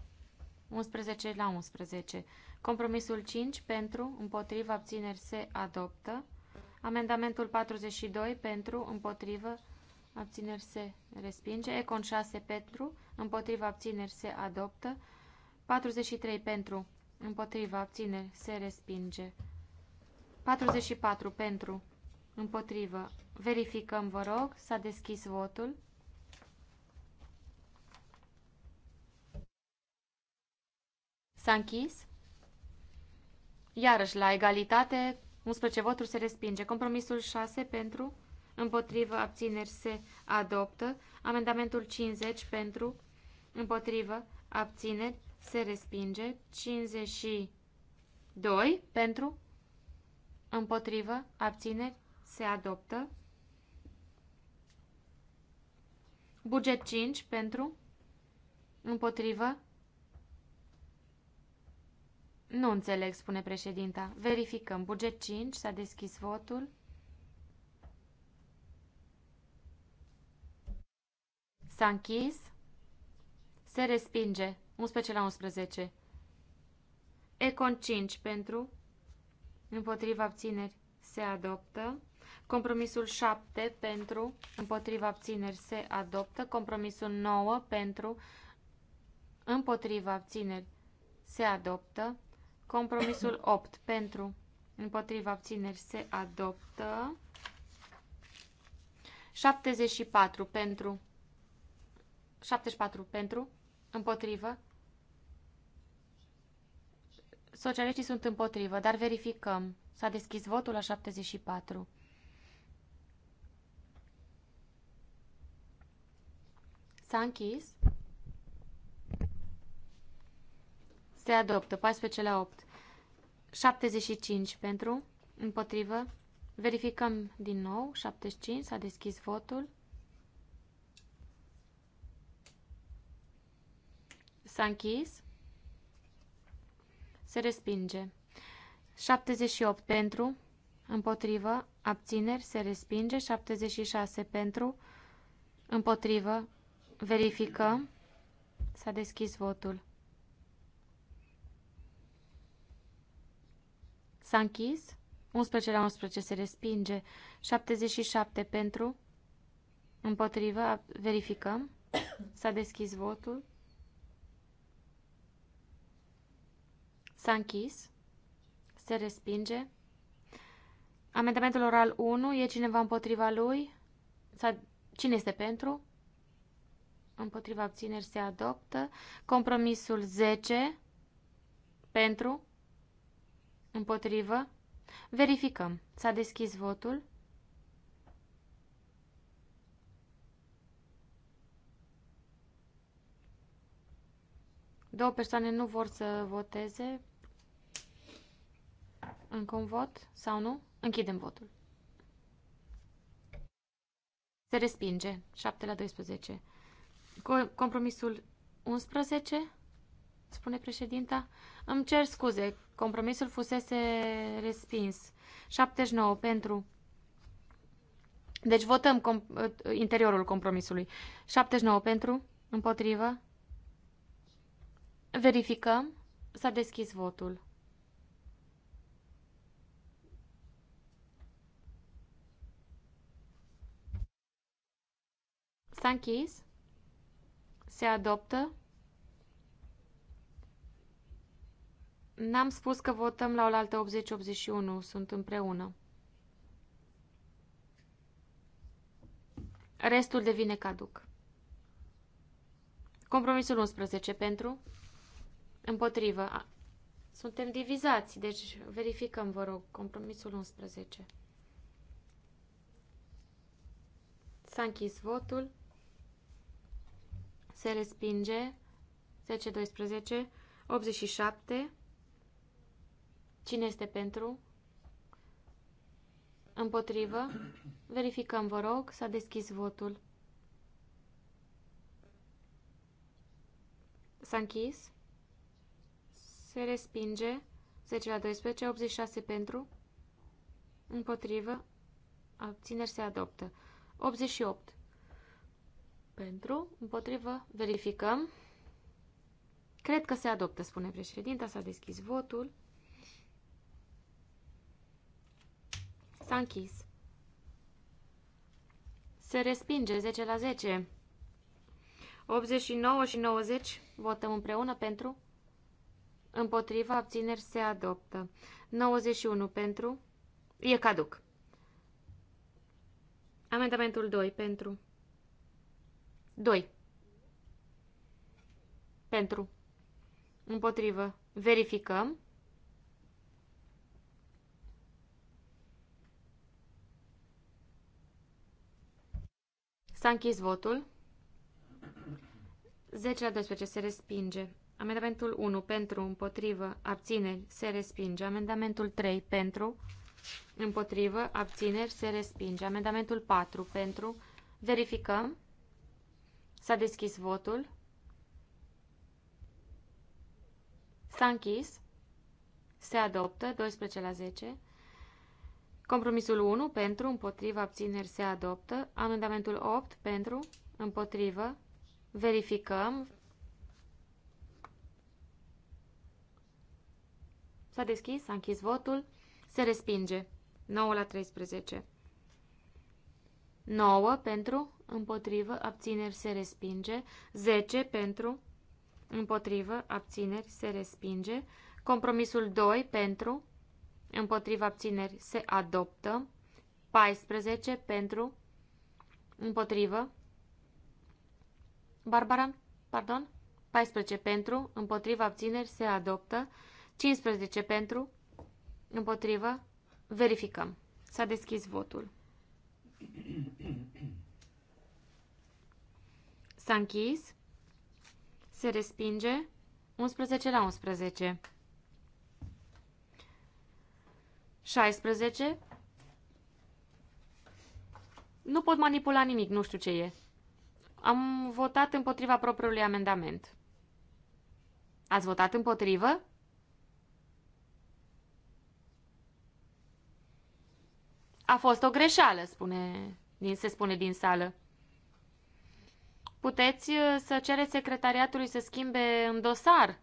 11 la 11. Compromisul 5 pentru, împotrivă, abțineri se adoptă. Amendamentul 42 pentru, împotrivă, abțineri se respinge. Econ 6 pentru, împotrivă, abțineri se adoptă. 43 pentru, împotrivă, abțineri se respinge. 44 pentru, împotrivă. Verificăm, vă rog, s-a deschis votul. S-a închis. Iarăși, la egalitate, 11 voturi se respinge. Compromisul 6 pentru, împotrivă, abțineri se adoptă. Amendamentul 50 pentru, împotrivă, abțineri se respinge. 52 pentru, împotrivă, abțineri se adoptă. Buget 5 pentru, împotrivă, nu înțeleg, spune președinta. Verificăm. Buget 5, s-a deschis votul. S-a închis. Se respinge. 11 la 11. Econ 5 pentru. Împotriva abțineri se adoptă. Compromisul 7 pentru. Împotriva abțineri se adoptă. Compromisul 9 pentru. Împotriva abțineri se adoptă. Compromisul 8 pentru împotriva abțineri se adoptă. 74 pentru 74 pentru împotrivă. Socialiștii sunt împotrivă, dar verificăm. S-a deschis votul la 74. S-a închis. Se adoptă. 14 la 8. 75 pentru. Împotrivă. Verificăm din nou. 75. S-a deschis votul. S-a închis. Se respinge. 78 pentru. Împotrivă. Abțineri. Se respinge. 76 pentru. Împotrivă. Verificăm. S-a deschis votul. S-a închis. 11 la 11 se respinge. 77 pentru. Împotrivă. Verificăm. S-a deschis votul. S-a închis. Se respinge. Amendamentul oral 1. E cineva împotriva lui? Cine este pentru? Împotriva abțineri se adoptă. Compromisul 10. Pentru. Împotrivă? Verificăm. S-a deschis votul. Două persoane nu vor să voteze. Încă un vot sau nu? Închidem votul. Se respinge. 7 la 12. Compromisul 11 spune președinta. Îmi cer scuze, compromisul fusese respins. 79 pentru. Deci votăm comp interiorul compromisului. 79 pentru, împotrivă. Verificăm. S-a deschis votul. S-a închis. Se adoptă. N-am spus că votăm la oaltă 80-81, sunt împreună. Restul devine caduc. Compromisul 11 pentru? Împotrivă. Suntem divizați, deci verificăm, vă rog, compromisul 11. S-a închis votul. Se respinge. 10-12. 87. Cine este pentru? Împotrivă? Verificăm, vă rog. S-a deschis votul. S-a închis. Se respinge. 10 la 12, 86 pentru. Împotrivă. Abțineri se adoptă. 88. Pentru. Împotrivă. Verificăm. Cred că se adoptă, spune președinta. S-a deschis votul. S-a închis. Se respinge 10 la 10. 89 și 90 votăm împreună pentru. Împotriva abțineri se adoptă. 91 pentru. E caduc. Amendamentul 2 pentru. 2. Pentru. Împotrivă. Verificăm. S-a închis votul. 10 la 12 se respinge. Amendamentul 1 pentru, împotrivă, abțineri, se respinge. Amendamentul 3 pentru, împotrivă, abțineri, se respinge. Amendamentul 4 pentru, verificăm. S-a deschis votul. S-a închis. Se adoptă 12 la 10. Compromisul 1 pentru, împotriva, abțineri se adoptă. Amendamentul 8 pentru, împotrivă, verificăm. S-a deschis, s-a închis votul, se respinge. 9 la 13. 9 pentru, împotrivă, abțineri se respinge. 10 pentru, împotrivă, abțineri se respinge. Compromisul 2 pentru, împotriva abțineri se adoptă, 14 pentru, împotrivă, Barbara, pardon, 14 pentru, împotriva abțineri se adoptă, 15 pentru, împotrivă, verificăm. S-a deschis votul. S-a închis, se respinge, 11 la 11. 16. Nu pot manipula nimic, nu știu ce e. Am votat împotriva propriului amendament. Ați votat împotrivă? A fost o greșeală, spune, din, se spune din sală. Puteți uh, să cereți secretariatului să schimbe în dosar,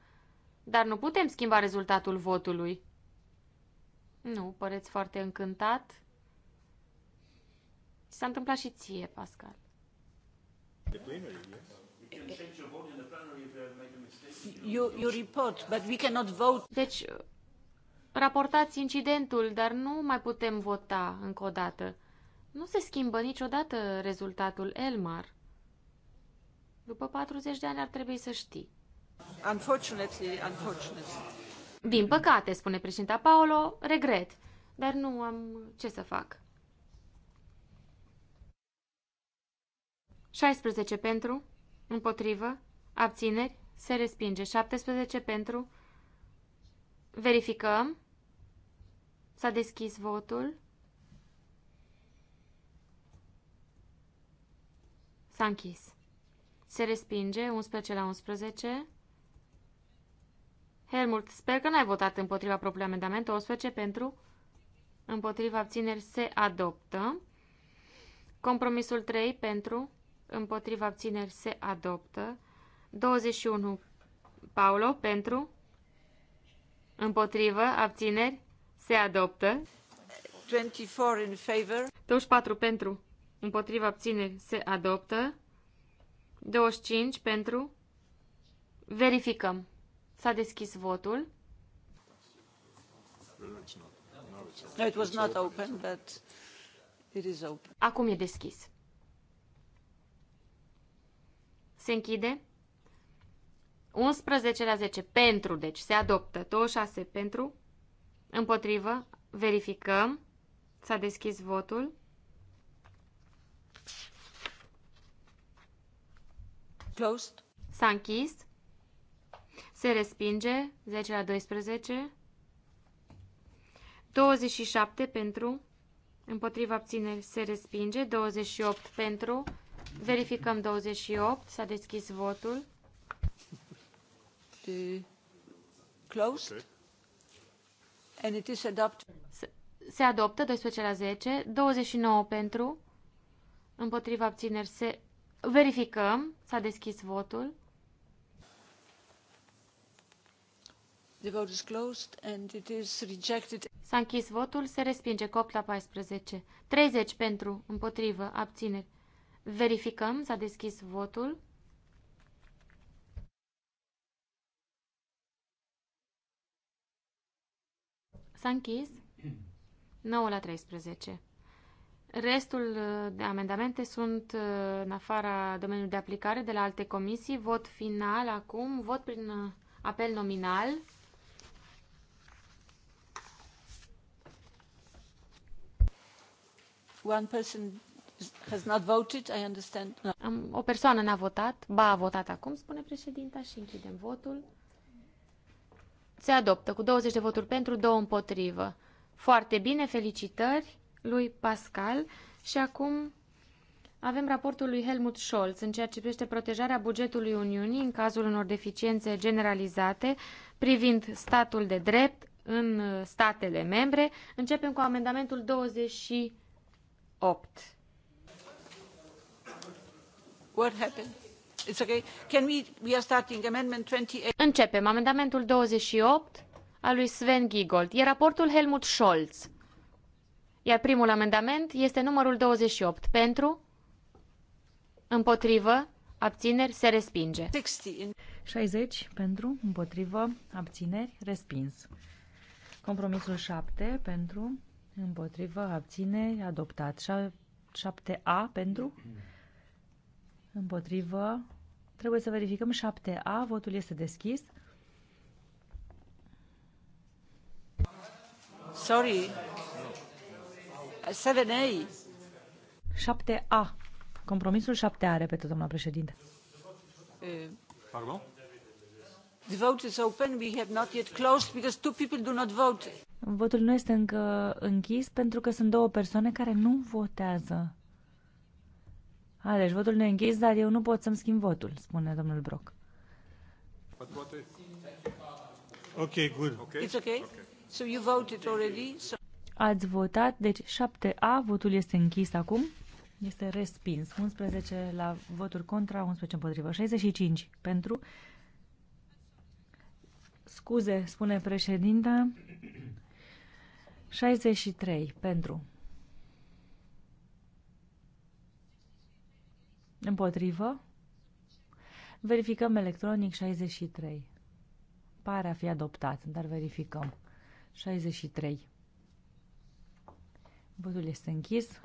dar nu putem schimba rezultatul votului. Nu, păreți foarte încântat. s-a întâmplat și ție, Pascal. You, you report, but we cannot vote. Deci, raportați incidentul, dar nu mai putem vota încă o dată. Nu se schimbă niciodată rezultatul Elmar. După 40 de ani ar trebui să știi. Unfortunately, unfortunately. Din păcate, spune președinta Paolo, regret, dar nu am ce să fac. 16 pentru, împotrivă, abțineri, se respinge. 17 pentru, verificăm, s-a deschis votul, s-a închis. Se respinge 11 la 11. Helmut, sper că n-ai votat împotriva propriului amendament. 11 pentru, împotriva abțineri se adoptă. Compromisul 3 pentru, împotriva abțineri se adoptă. 21 Paolo pentru, împotrivă, abțineri se adoptă. 24 in favor. 24 pentru, împotriva abțineri se adoptă. 25 pentru, verificăm. S-a deschis votul. No, it was not open, but it is open. Acum e deschis. Se închide. 11 la 10 pentru, deci se adoptă. 26 pentru, împotrivă, verificăm. S-a deschis votul. Closed. S-a închis. Se respinge. 10 la 12. 27 pentru. Împotriva abțineri se respinge. 28 pentru. Verificăm 28. S-a deschis votul. The Closed. Okay. And it is adopted. Se adoptă 12 la 10, 29 pentru, împotriva abțineri se verificăm, s-a deschis votul. S-a închis votul, se respinge cu la 14. 30 pentru, împotrivă, abțineri. Verificăm, s-a deschis votul. S-a închis 9 [CLEARS THROAT] la 13. Restul uh, de amendamente sunt uh, în afara domeniului de aplicare de la alte comisii. Vot final acum, vot prin uh, apel nominal. o persoană n-a votat, ba a votat acum, spune președinta și închidem votul. Se adoptă cu 20 de voturi pentru, două împotrivă. Foarte bine, felicitări lui Pascal. Și acum avem raportul lui Helmut Scholz în ceea ce privește protejarea bugetului Uniunii în cazul unor deficiențe generalizate privind statul de drept în statele membre. Începem cu amendamentul 20 opt. Începem amendamentul 28 al lui Sven Giegold. E raportul Helmut Scholz. Iar primul amendament este numărul 28. Pentru, împotrivă, abțineri, se respinge. 60 pentru, împotrivă, abțineri, respins. Compromisul 7 pentru, Împotrivă, abține, adoptat. 7A pentru? Împotrivă. Trebuie să verificăm 7A. Votul este deschis. Sorry. 7A. 7A. Compromisul 7A, repetă doamna președinte. Eh, Pardon? The vote is open. We have not yet closed because two people do not vote. Votul nu este încă închis pentru că sunt două persoane care nu votează. A, deci votul nu e închis, dar eu nu pot să-mi schimb votul, spune domnul Broc. Ok, good. Okay. It's okay. okay. So you voted already. So... Ați votat, deci 7A, votul este închis acum. Este respins. 11 la voturi contra, 11 împotrivă. 65 pentru. Scuze, spune președinta. 63 pentru. Împotrivă. Verificăm electronic 63. Pare a fi adoptat, dar verificăm. 63. Votul este închis.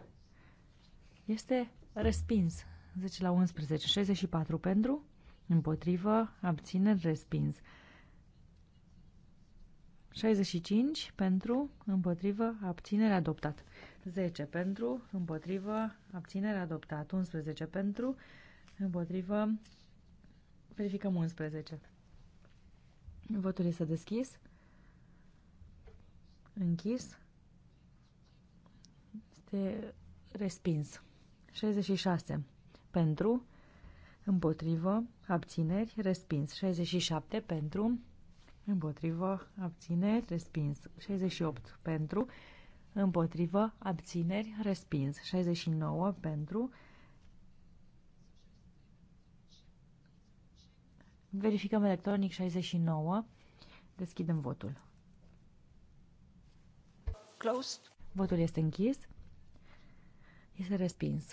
Este respins. 10 la 11. 64 pentru. Împotrivă. Abțineri. Respins. 65 pentru, împotrivă, abținere adoptat. 10 pentru, împotrivă, abținere adoptat. 11 pentru, împotrivă, verificăm 11. Votul este deschis. Închis. Este respins. 66 pentru, împotrivă, abțineri, respins. 67 pentru, Împotrivă, abțineri, respins. 68 pentru. Împotrivă, abțineri, respins. 69 pentru. Verificăm electronic 69. Deschidem votul. Closed. Votul este închis. Este respins.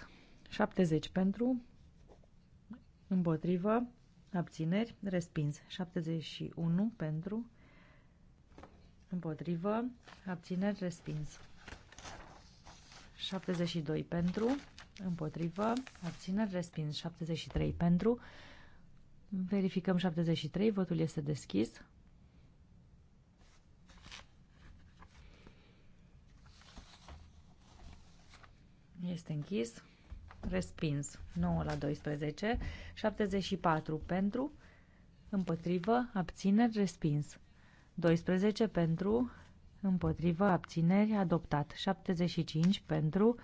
70 pentru. Împotrivă, abțineri, respins. 71 pentru, împotrivă, abțineri, respins. 72 pentru, împotrivă, abțineri, respins. 73 pentru, verificăm 73, votul este deschis. Este închis. Respins. 9 la 12. 74 pentru. Împotrivă. Abțineri. Respins. 12 pentru. Împotrivă. Abțineri. Adoptat. 75 pentru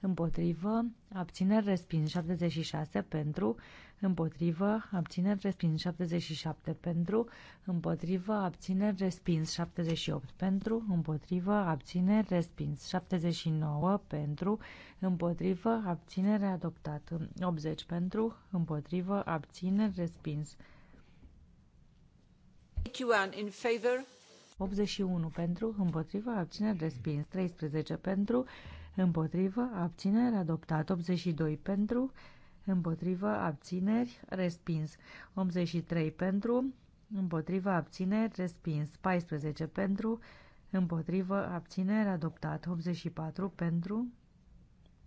împotrivă, abțineri respins 76 pentru, împotrivă, abțineri respins 77 pentru, împotrivă, abțineri respins 78 pentru, împotrivă, abțineri respins 79 pentru, împotrivă, abținere adoptat 80 pentru, împotrivă, abțineri respins 81 pentru, împotrivă, abțineri respins 13 pentru, împotrivă, abțineri, adoptat. 82 pentru, împotrivă, abțineri, respins. 83 pentru, împotrivă, abțineri, respins. 14 pentru, împotrivă, abțineri, adoptat. 84 pentru,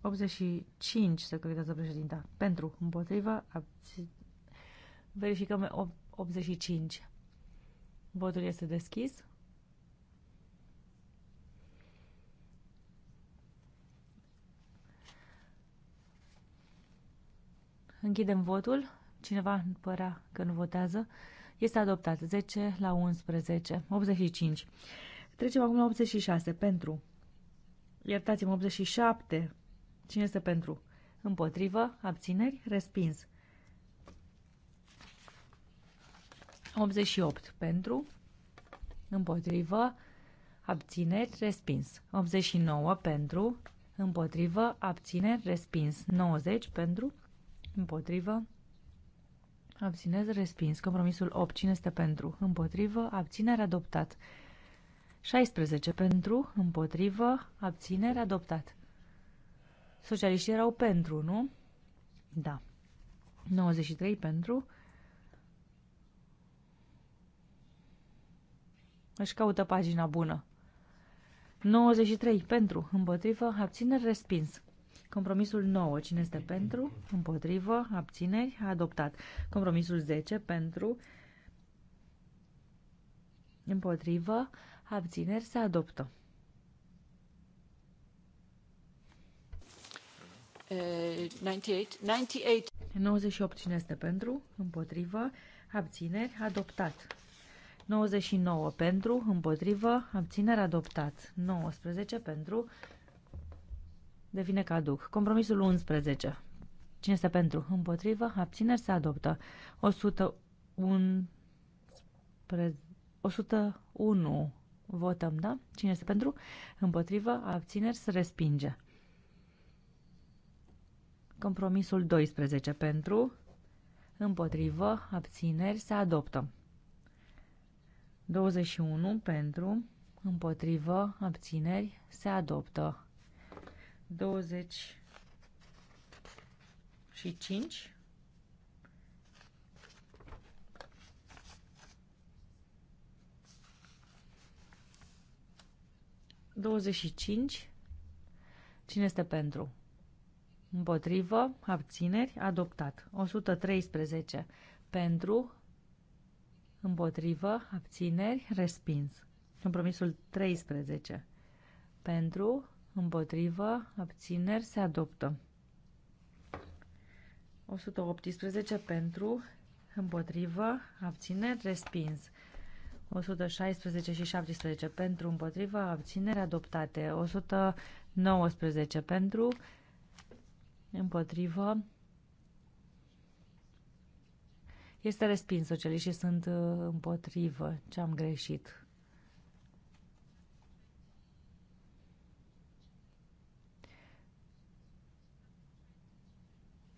85, se corectează președinta. Pentru, împotrivă, abțineri. Verificăm 85. Votul este deschis. Închidem votul. Cineva părea că nu votează. Este adoptat. 10 la 11. 85. Trecem acum la 86. Pentru. Iertați-mă, 87. Cine este pentru? Împotrivă. Abțineri. Respins. 88. Pentru. Împotrivă. Abțineri. Respins. 89. Pentru. Împotrivă. Abțineri. Respins. 90. Pentru Împotrivă. abținez respins. Compromisul 8. Cine este pentru? Împotrivă. Abținere adoptat. 16 pentru, împotrivă, abținere adoptat. Socialiștii erau pentru, nu? Da. 93 pentru. Își caută pagina bună. 93 pentru, împotrivă, Abținere, respins. Compromisul 9. Cine este pentru? Împotrivă? Abțineri? Adoptat. Compromisul 10. Pentru? Împotrivă? Abțineri? Se adoptă. Uh, eh, 98. Cine este pentru? Împotrivă? Abțineri? Adoptat. 99 pentru, împotrivă, abțineri adoptat. 19 pentru, devine caduc. Compromisul 11. Cine este pentru? Împotrivă? Abțineri? Se adoptă. 101, 101. Votăm, da? Cine este pentru? Împotrivă? Abțineri? Se respinge. Compromisul 12. Pentru? Împotrivă? Abțineri? Se adoptă. 21. Pentru? Împotrivă? Abțineri? Se adoptă. 25 25 Cine este pentru? Împotrivă, abțineri, adoptat. 113 pentru, împotrivă, abțineri, respins. Compromisul 13 pentru, împotrivă, abțineri, se adoptă. 118 pentru, împotrivă, abțineri, respins. 116 și 17 pentru, împotrivă, abțineri, adoptate. 119 pentru, împotrivă. Este respins, socialiștii sunt uh, împotrivă. Ce am greșit?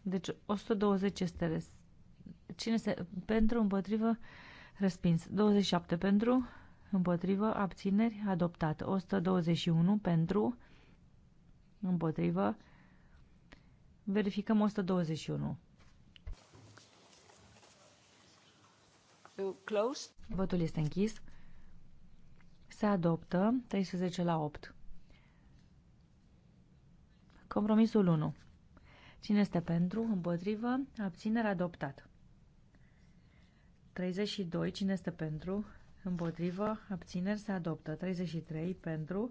Deci 120 este res. Cine se... Pentru, împotrivă, respins. 27 pentru, împotrivă, abțineri, adoptat. 121 pentru, împotrivă, verificăm 121. Close. Votul este închis. Se adoptă 13 la 8. Compromisul 1. Cine este pentru? Împotrivă? Abținere adoptat. 32. Cine este pentru? Împotrivă? Abțineri se adoptă. 33. Pentru?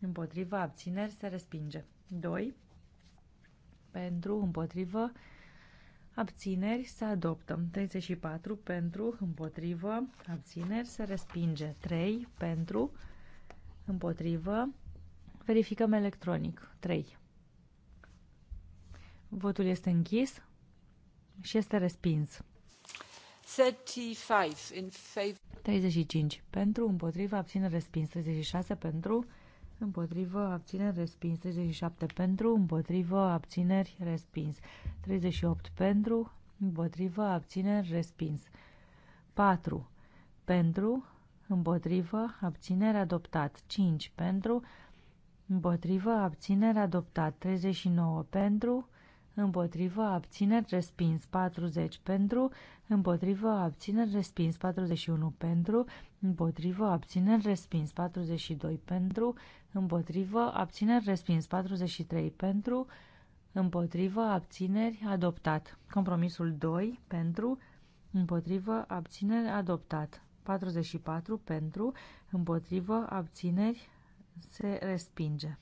Împotrivă? Abțineri se respinge. 2. Pentru? Împotrivă? Abțineri se adoptă. 34. Pentru? Împotrivă? Abțineri se respinge. 3. Pentru? Împotrivă? Verificăm electronic. 3. Votul este închis și este respins. 35, in favor. 35 pentru, împotrivă, abține, respins. 36 pentru, împotrivă, abțineri, respins. 37 pentru, împotrivă, abțineri, respins. 38 pentru, împotrivă, abțineri, respins. 4 pentru, împotrivă, abțineri, adoptat. 5 pentru, împotrivă, abțineri, adoptat. 39 pentru, împotrivă, abțineri, respins 40 pentru, împotrivă, abțineri, respins 41 pentru, împotrivă, abțineri, respins 42 pentru, împotrivă, abțineri, respins 43 pentru, împotrivă, abțineri, adoptat. Compromisul 2 pentru, împotrivă, abțineri, adoptat. 44 pentru, împotrivă, abțineri, se respinge.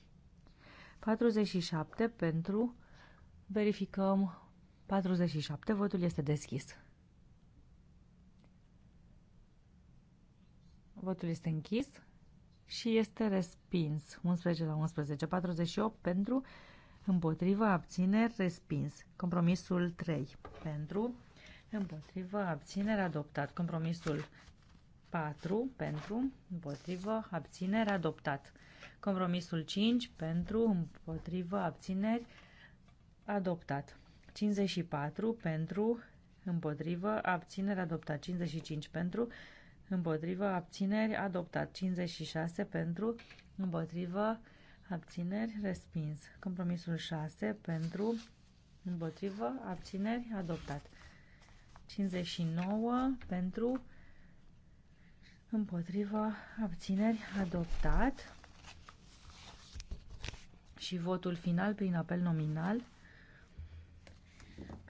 47 pentru, Verificăm 47. Votul este deschis. Votul este închis și este respins. 11 la 11. 48 pentru, împotrivă, abțineri, respins. Compromisul 3 pentru, împotrivă, abțineri, adoptat. Compromisul 4 pentru, împotrivă, abțineri, adoptat. Compromisul 5 pentru, împotrivă, abțineri, adoptat adoptat. 54 pentru, împotrivă, abțineri, adoptat. 55 pentru, împotrivă, abțineri, adoptat. 56 pentru, împotrivă, abțineri, respins. Compromisul 6 pentru, împotrivă, abțineri, adoptat. 59 pentru, împotrivă, abțineri, adoptat. Și votul final prin apel nominal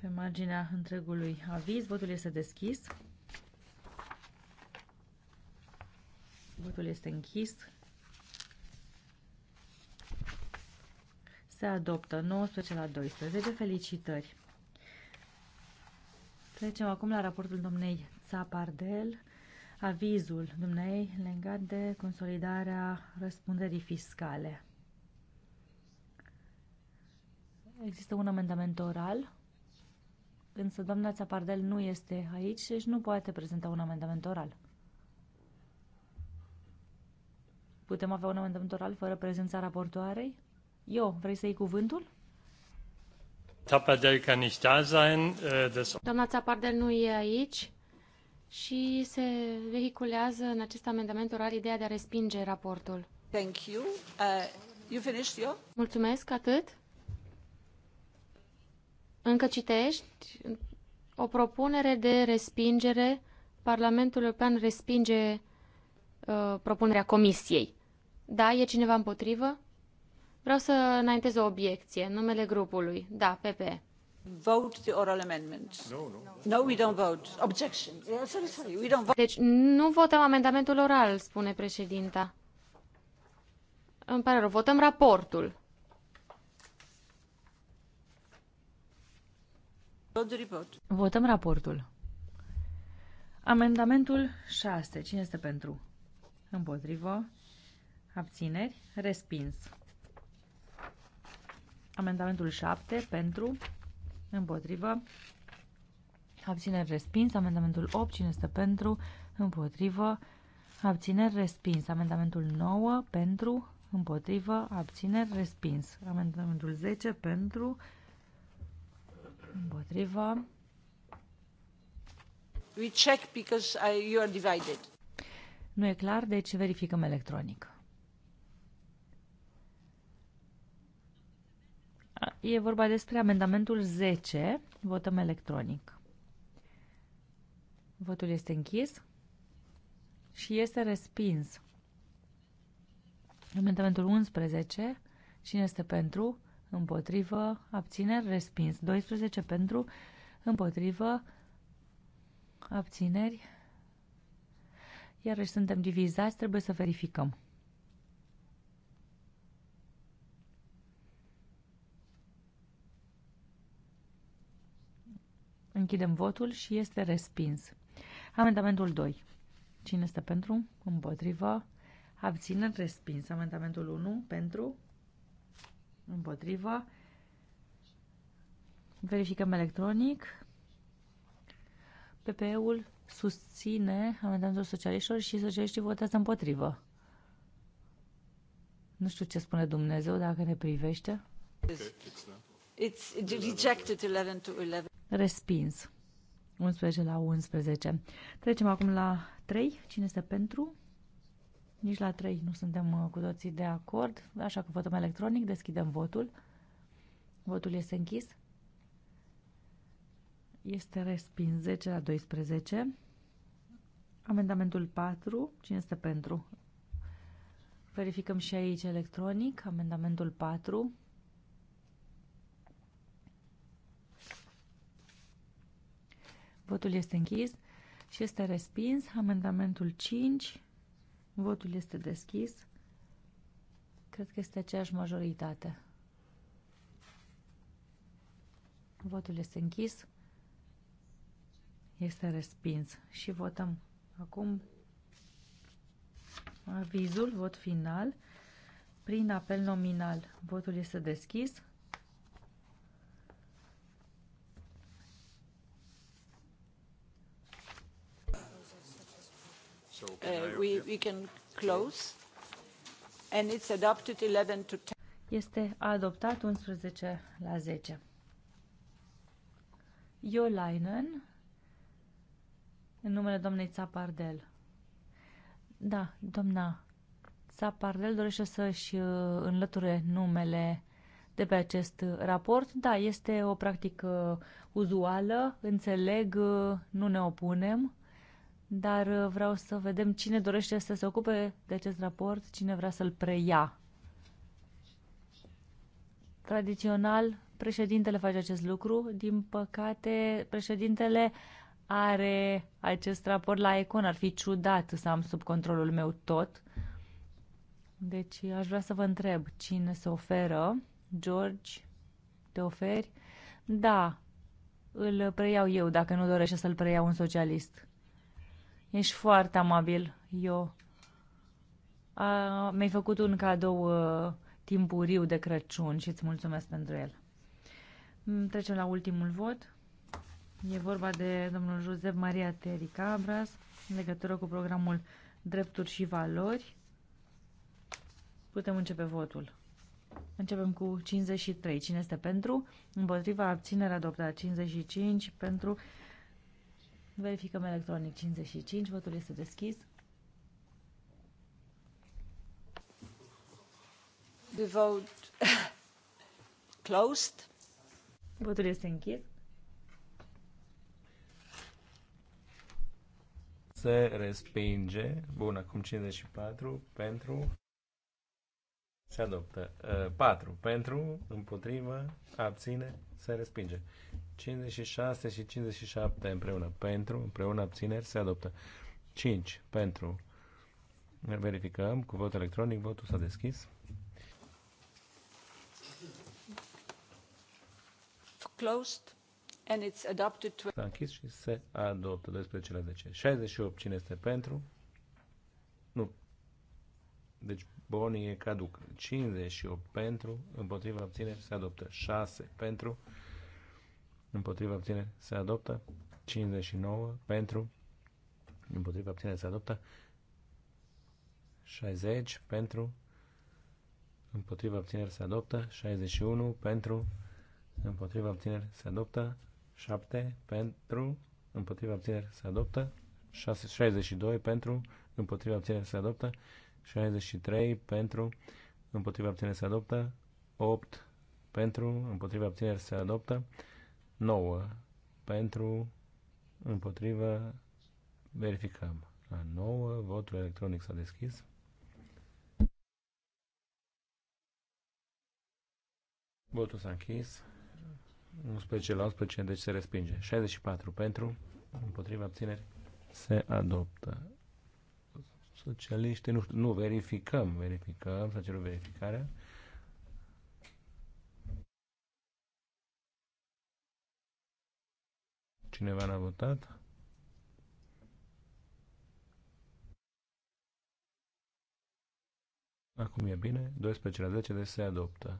pe marginea întregului aviz. Votul este deschis. Votul este închis. Se adoptă 19 la 12. Felicitări! Trecem acum la raportul domnei Țapardel, avizul dumnei legat de consolidarea răspunderii fiscale. Există un amendament oral însă doamna Țapardel nu este aici și nu poate prezenta un amendament oral. Putem avea un amendament oral fără prezența raportoarei? Eu, vrei să iei cuvântul? Țapardel can nicht ă, da sein. Doamna Țapardel nu e aici și se vehiculează în acest amendament oral ideea de a respinge raportul. Thank you. Uh, you finished, you? Mulțumesc, atât. Încă citești o propunere de respingere. Parlamentul European respinge uh, propunerea Comisiei. Da, e cineva împotrivă? Vreau să înaintez o obiecție, numele grupului. Da, PP. Vote the oral amendment. No, no. No, we don't vote. Objection. Yeah, sorry, sorry, we don't vote. Deci nu votăm amendamentul oral, spune președinta. Îmi pare rău, votăm raportul. Votăm raportul. Amendamentul 6. Cine este pentru? Împotrivă. Abțineri. Respins. Amendamentul 7. Pentru. Împotrivă. Abțineri. Respins. Amendamentul 8. Cine este pentru? Împotrivă. Abțineri. Respins. Amendamentul 9. Pentru. Împotrivă. Abțineri. Respins. Amendamentul 10. Pentru. Împotrivă. We check because you are divided. Nu e clar, deci verificăm electronic. E vorba despre amendamentul 10. Votăm electronic. Votul este închis și este respins. Amendamentul 11. Cine este pentru? împotrivă, abțineri, respins. 12 pentru, împotrivă, abțineri. Iarăși suntem divizați, trebuie să verificăm. Închidem votul și este respins. Amendamentul 2. Cine este pentru? Împotrivă. Abțineri, respins. Amendamentul 1 pentru, Împotrivă. Verificăm electronic. PPE-ul susține amendamentul socialiștilor și socialiștii votează împotrivă. Nu știu ce spune Dumnezeu dacă ne privește. It's rejected 11 to 11. Respins. 11 la 11. Trecem acum la 3. Cine este pentru? Nici la trei nu suntem uh, cu toții de acord, așa că votăm electronic, deschidem votul. Votul este închis. Este respins 10 la 12. Amendamentul 4, cine este pentru? Verificăm și aici electronic, amendamentul 4. Votul este închis și este respins amendamentul 5. Votul este deschis. Cred că este aceeași majoritate. Votul este închis. Este respins. Și votăm acum avizul, vot final, prin apel nominal. Votul este deschis. Uh, we, we can close. And it's adopted 11 to 10. Este adoptat 11 la 10. Iolainen, în numele doamnei Țapardel. Da, doamna Țapardel dorește să-și uh, înlăture numele de pe acest uh, raport. Da, este o practică uzuală, înțeleg, nu ne opunem dar uh, vreau să vedem cine dorește să se ocupe de acest raport, cine vrea să-l preia. Tradițional, președintele face acest lucru. Din păcate, președintele are acest raport la Econ. Ar fi ciudat să am sub controlul meu tot. Deci aș vrea să vă întreb cine se oferă. George, te oferi? Da, îl preiau eu dacă nu dorește să-l preiau un socialist. Ești foarte amabil. Eu mi-ai făcut un cadou a, ă, timpuriu de Crăciun și îți mulțumesc pentru el. Mm, trecem la ultimul vot. E vorba de domnul Josep Maria Teri Abras, în legătură cu programul Drepturi și Valori. Putem începe votul. Începem cu 53. Cine este pentru? Împotriva abținerea adoptată 55 pentru Verificăm electronic 55, votul este deschis. The vote [COUGHS] closed. Votul este închis. Se respinge. Bun, acum 54 pentru. Se adoptă. 4 uh, pentru, împotrivă, abține, se respinge. 56 și 57 împreună. Pentru, împreună abțineri se adoptă. 5 pentru. Verificăm cu vot electronic. Votul s-a deschis. Closed and it's adopted to... S-a închis și se adoptă 12 la 10. 68 cine este pentru? Nu. Deci bonii e caduc. 58 pentru, împotriva abțineri se adoptă. 6 pentru, împotriva obține se adoptă, 59 pentru, împotriva obține se adoptă, 60 pentru, împotriva obține se adoptă, 61 pentru, împotriva obține se adoptă, 7 pentru, împotriva abțineri se adoptă, 62 pentru, împotriva abțineri se adoptă, 63 pentru, împotriva abțineri se adoptă, 8 pentru, împotriva abțineri se adoptă, 9 pentru, împotrivă, verificăm. La 9, votul electronic s-a deschis. Votul s-a închis. 11 la 11, deci se respinge. 64 pentru, împotriva abțineri, se adoptă. Socialiștii, nu nu, verificăm, verificăm, să cerem verificarea. Cineva n-a votat? Acum e bine, 12 la 10, deci se adoptă.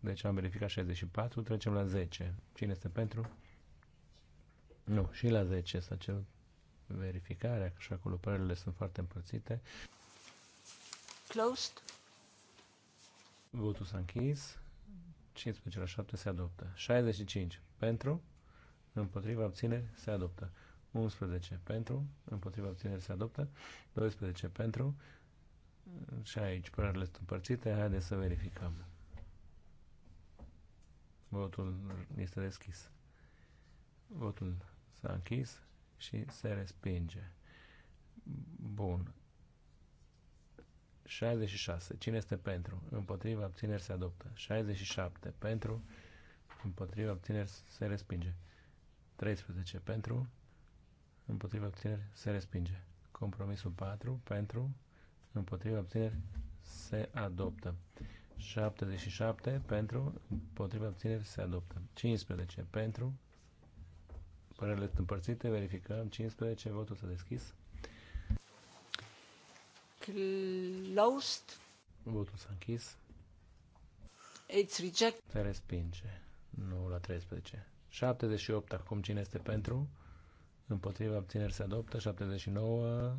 Deci am verificat 64, trecem la 10. Cine este pentru? Nu, și la 10 s-a cerut verificarea, că și acolo părerile sunt foarte împărțite. Closed. Votul s-a închis. 15 la 7 se adoptă. 65 pentru împotriva abțineri se adoptă. 11 pentru, împotriva abțineri se adoptă. 12 pentru, și aici părările sunt împărțite, haideți să verificăm. Votul este deschis. Votul s-a închis și se respinge. Bun. 66. Cine este pentru? Împotriva abțineri se adoptă. 67. Pentru. Împotriva abțineri se respinge. 13 pentru, împotriva obțineri se respinge. Compromisul 4 pentru, împotriva obțineri se adoptă. 77 pentru, împotriva obțineri se adoptă. 15 pentru, părerele sunt împărțite, verificăm. 15, votul s-a deschis. Closed. Votul s-a închis. It's reject. Se respinge. 9 la 13. 78 acum cine este pentru? Împotriva abțineri se adoptă. 79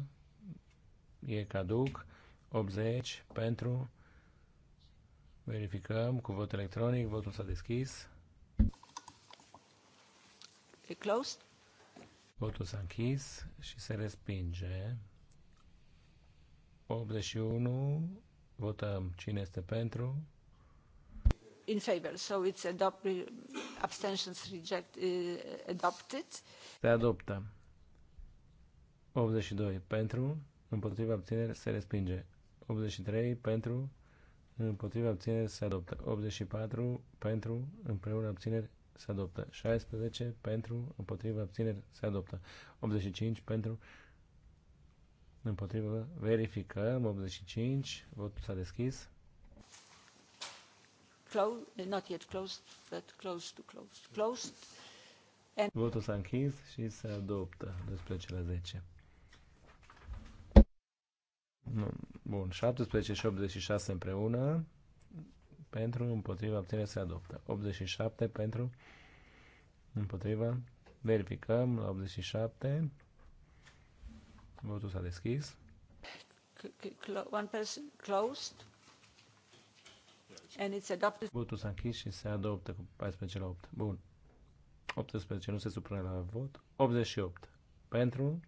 e caduc. 80 pentru. Verificăm cu vot electronic. Votul s-a deschis. E closed. Votul s-a închis și se respinge. 81. Votăm cine este pentru in favor so it's abstentions reject uh, adopted se adoptă 82 pentru împotriva abțineri se respinge 83 pentru împotriva abțineri se adoptă 84 pentru împreună abțineri se adoptă 16 pentru împotriva abțineri se adoptă 85 pentru împotriva verificăm 85 votul s-a deschis Votul s-a închis și se adoptă 12 la 10. Bun, 17 și 86 împreună pentru, împotriva, abține, se adoptă. 87 pentru, împotriva, verificăm la 87. Votul s-a deschis. One person closed. And it's adopted. Votul s-a închis și se adoptă cu 14 la 8. Bun. 18 nu se supune la vot. 88. Pentru.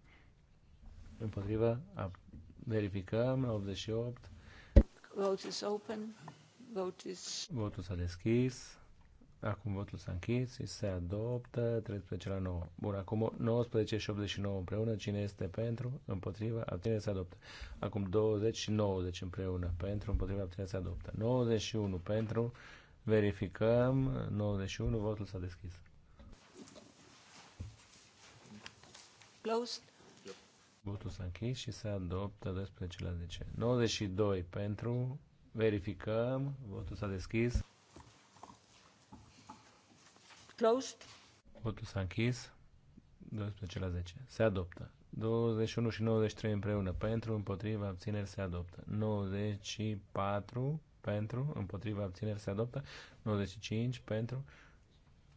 Împotriva. Verificăm la 88. Vote is open. Vote is... Votul s-a deschis. Acum votul s-a închis, și se adoptă 13 la 9. Bun, acum 19 și 89 împreună, cine este pentru, împotriva, abține, se adoptă. Acum 20 și 90 împreună, pentru, împotriva, abține, se adoptă. 91 pentru, verificăm, 91, votul s-a deschis. Closed. Votul s-a închis și se adoptă 12 la 10. 92 pentru, verificăm, votul s-a deschis. Closed. Votul s-a închis. 12 la 10. Se adoptă. 21 și 93 împreună. Pentru, împotriva, abțineri se adoptă. 94 pentru, împotriva, abțineri se adoptă. 95 pentru.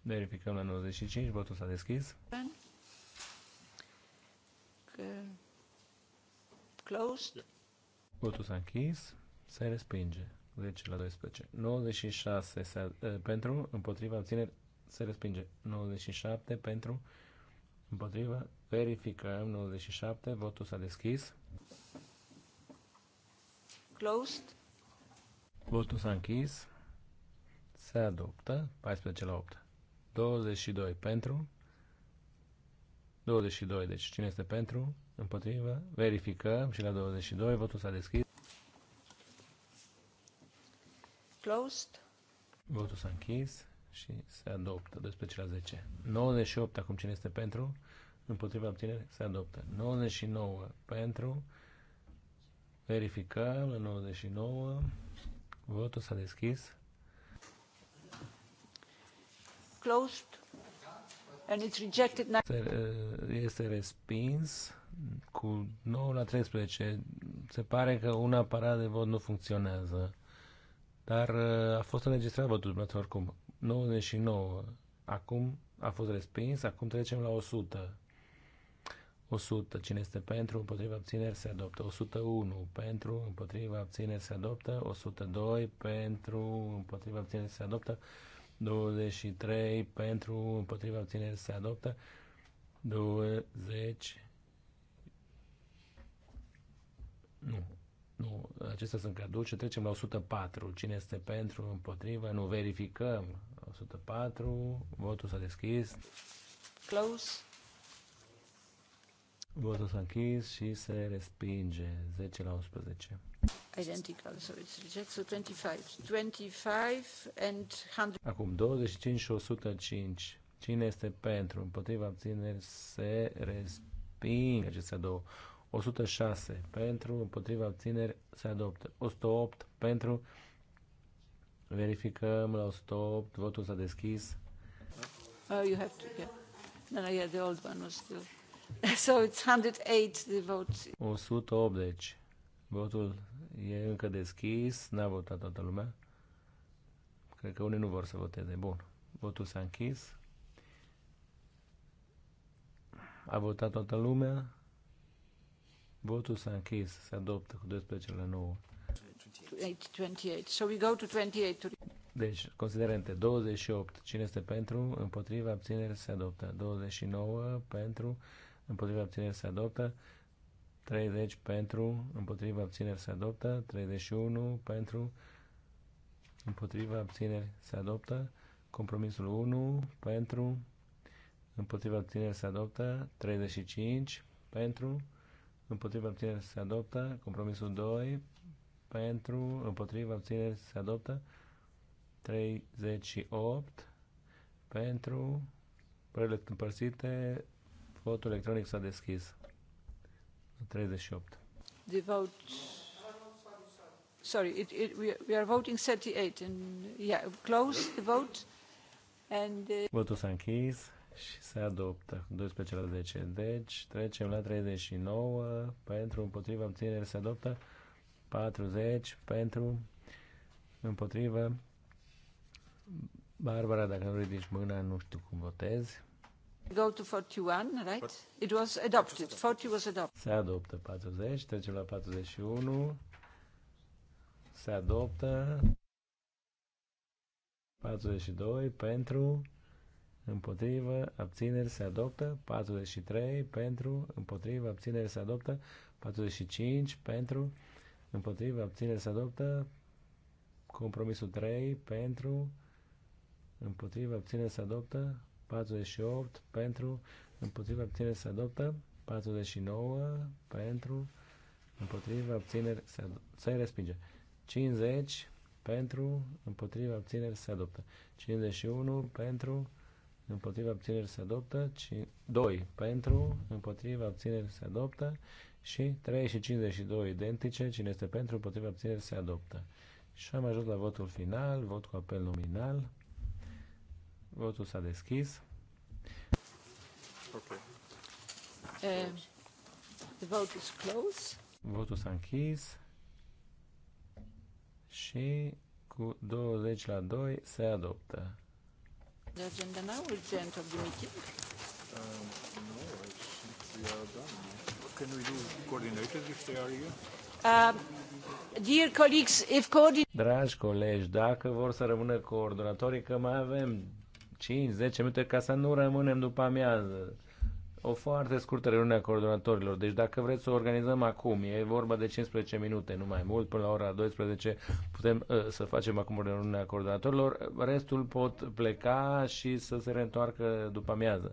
Verificăm la 95. Votul s-a deschis. Closed. Votul s-a închis. Se respinge. 10 deci, la 12. 96 se, eh, pentru, împotriva, abțineri se respinge. 97 pentru, împotrivă, verificăm 97, votul s-a deschis. Closed. Votul s-a închis. Se adoptă 14 la 8. 22 pentru. 22, deci cine este pentru? Împotrivă. Verificăm și la 22 votul s-a deschis. Closed. Votul s-a închis și se adoptă. 12 la 10. 98 acum cine este pentru? Împotriva obținere, se adoptă. 99 pentru. Verificăm la 99. Votul s-a deschis. Closed. And it's rejected. now. Se, uh, este respins cu 9 la 13. Se pare că un aparat de vot nu funcționează. Dar uh, a fost înregistrat votul oricum. 99. Acum a fost respins, acum trecem la 100. 100. Cine este pentru, împotriva abțineri se adoptă. 101. Pentru, împotriva abțineri se adoptă. 102. Pentru, împotriva abțineri se adoptă. 23. Pentru, împotriva abțineri se adoptă. 20. Nu. Nu, acestea sunt caduce. Trecem la 104. Cine este pentru, împotrivă? Nu verificăm. 104. Votul s-a deschis. Close. Votul s-a închis și se respinge. 10 la 11. Identical, so it's rejected. So 25. 25 and 100. Acum 25 și 105. Cine este pentru? Împotriva abțineri se respinge acestea două. 106 pentru, împotriva abțineri se adoptă. 108 pentru, verificăm la 108, votul s-a deschis. Oh, you have to, yeah. No, no, yeah, the old one was still. [LAUGHS] So it's 108 the vote. 180. Deci, votul e încă deschis, n-a votat toată lumea. Cred că unii nu vor să voteze. Bun. Votul s-a închis. A votat toată lumea. Votul s-a închis, se adoptă cu 12 la 9. 28. So we go to 28. Deci, considerente, 28, cine este pentru, împotriva, abținere, se adoptă. 29, pentru, împotriva, abținere, se adoptă. 30, pentru, împotriva, abținere, se adoptă. 31, pentru, împotriva, abținere, se adoptă. Compromisul 1, pentru, împotriva, abținere, se adoptă. 35, pentru, împotriva abțineri se adoptă, compromisul 2 pentru, împotriva abțineri se adoptă, 38 pentru, părele împărțite, votul electronic s-a deschis. 38. The vote sorry it, it, we are voting 38 and yeah close the vote and uh... votul s-a închis și se adoptă 12 la 10. Deci trecem la 39 pentru împotriva obținere se adoptă 40 pentru împotriva Barbara, dacă nu ridici mâna, nu știu cum votezi. Go to 41, right? It was adopted. 40 was adopted. Se adoptă 40, trecem la 41. Se adoptă 42 pentru împotrivă, abțineri se adoptă, 43 pentru, împotrivă, abțineri se adoptă, 45 pentru, împotrivă, abțineri se adoptă, compromisul 3 pentru, împotrivă, abțineri se adoptă, 48 pentru, împotrivă, abțineri se adoptă, 49 pentru, împotrivă, abțineri se, se respinge, 50 pentru, împotrivă, abțineri se adoptă, 51 pentru, împotriva abțineri se adoptă, ci 2 pentru, împotriva abțineri se adoptă și 3 și 52 identice, cine este pentru, împotriva abțineri se adoptă. Și am ajuns la votul final, vot cu apel nominal. Votul s-a deschis. Okay. Uh, vote Votul s-a închis și cu 20 la 2 se adoptă. The agenda now the end of the meeting? Um, no, I think we are done. can we do? Coordinators if they are here? Um, dear colleagues, if Dragi colegi, dacă vor să rămână coordonatorii, că mai avem 5-10 minute ca să nu rămânem după amiază o foarte scurtă reuniune a coordonatorilor. Deci dacă vreți să o organizăm acum, e vorba de 15 minute, nu mai mult, până la ora 12 putem uh, să facem acum reuniunea coordonatorilor. Restul pot pleca și să se reîntoarcă după amiază.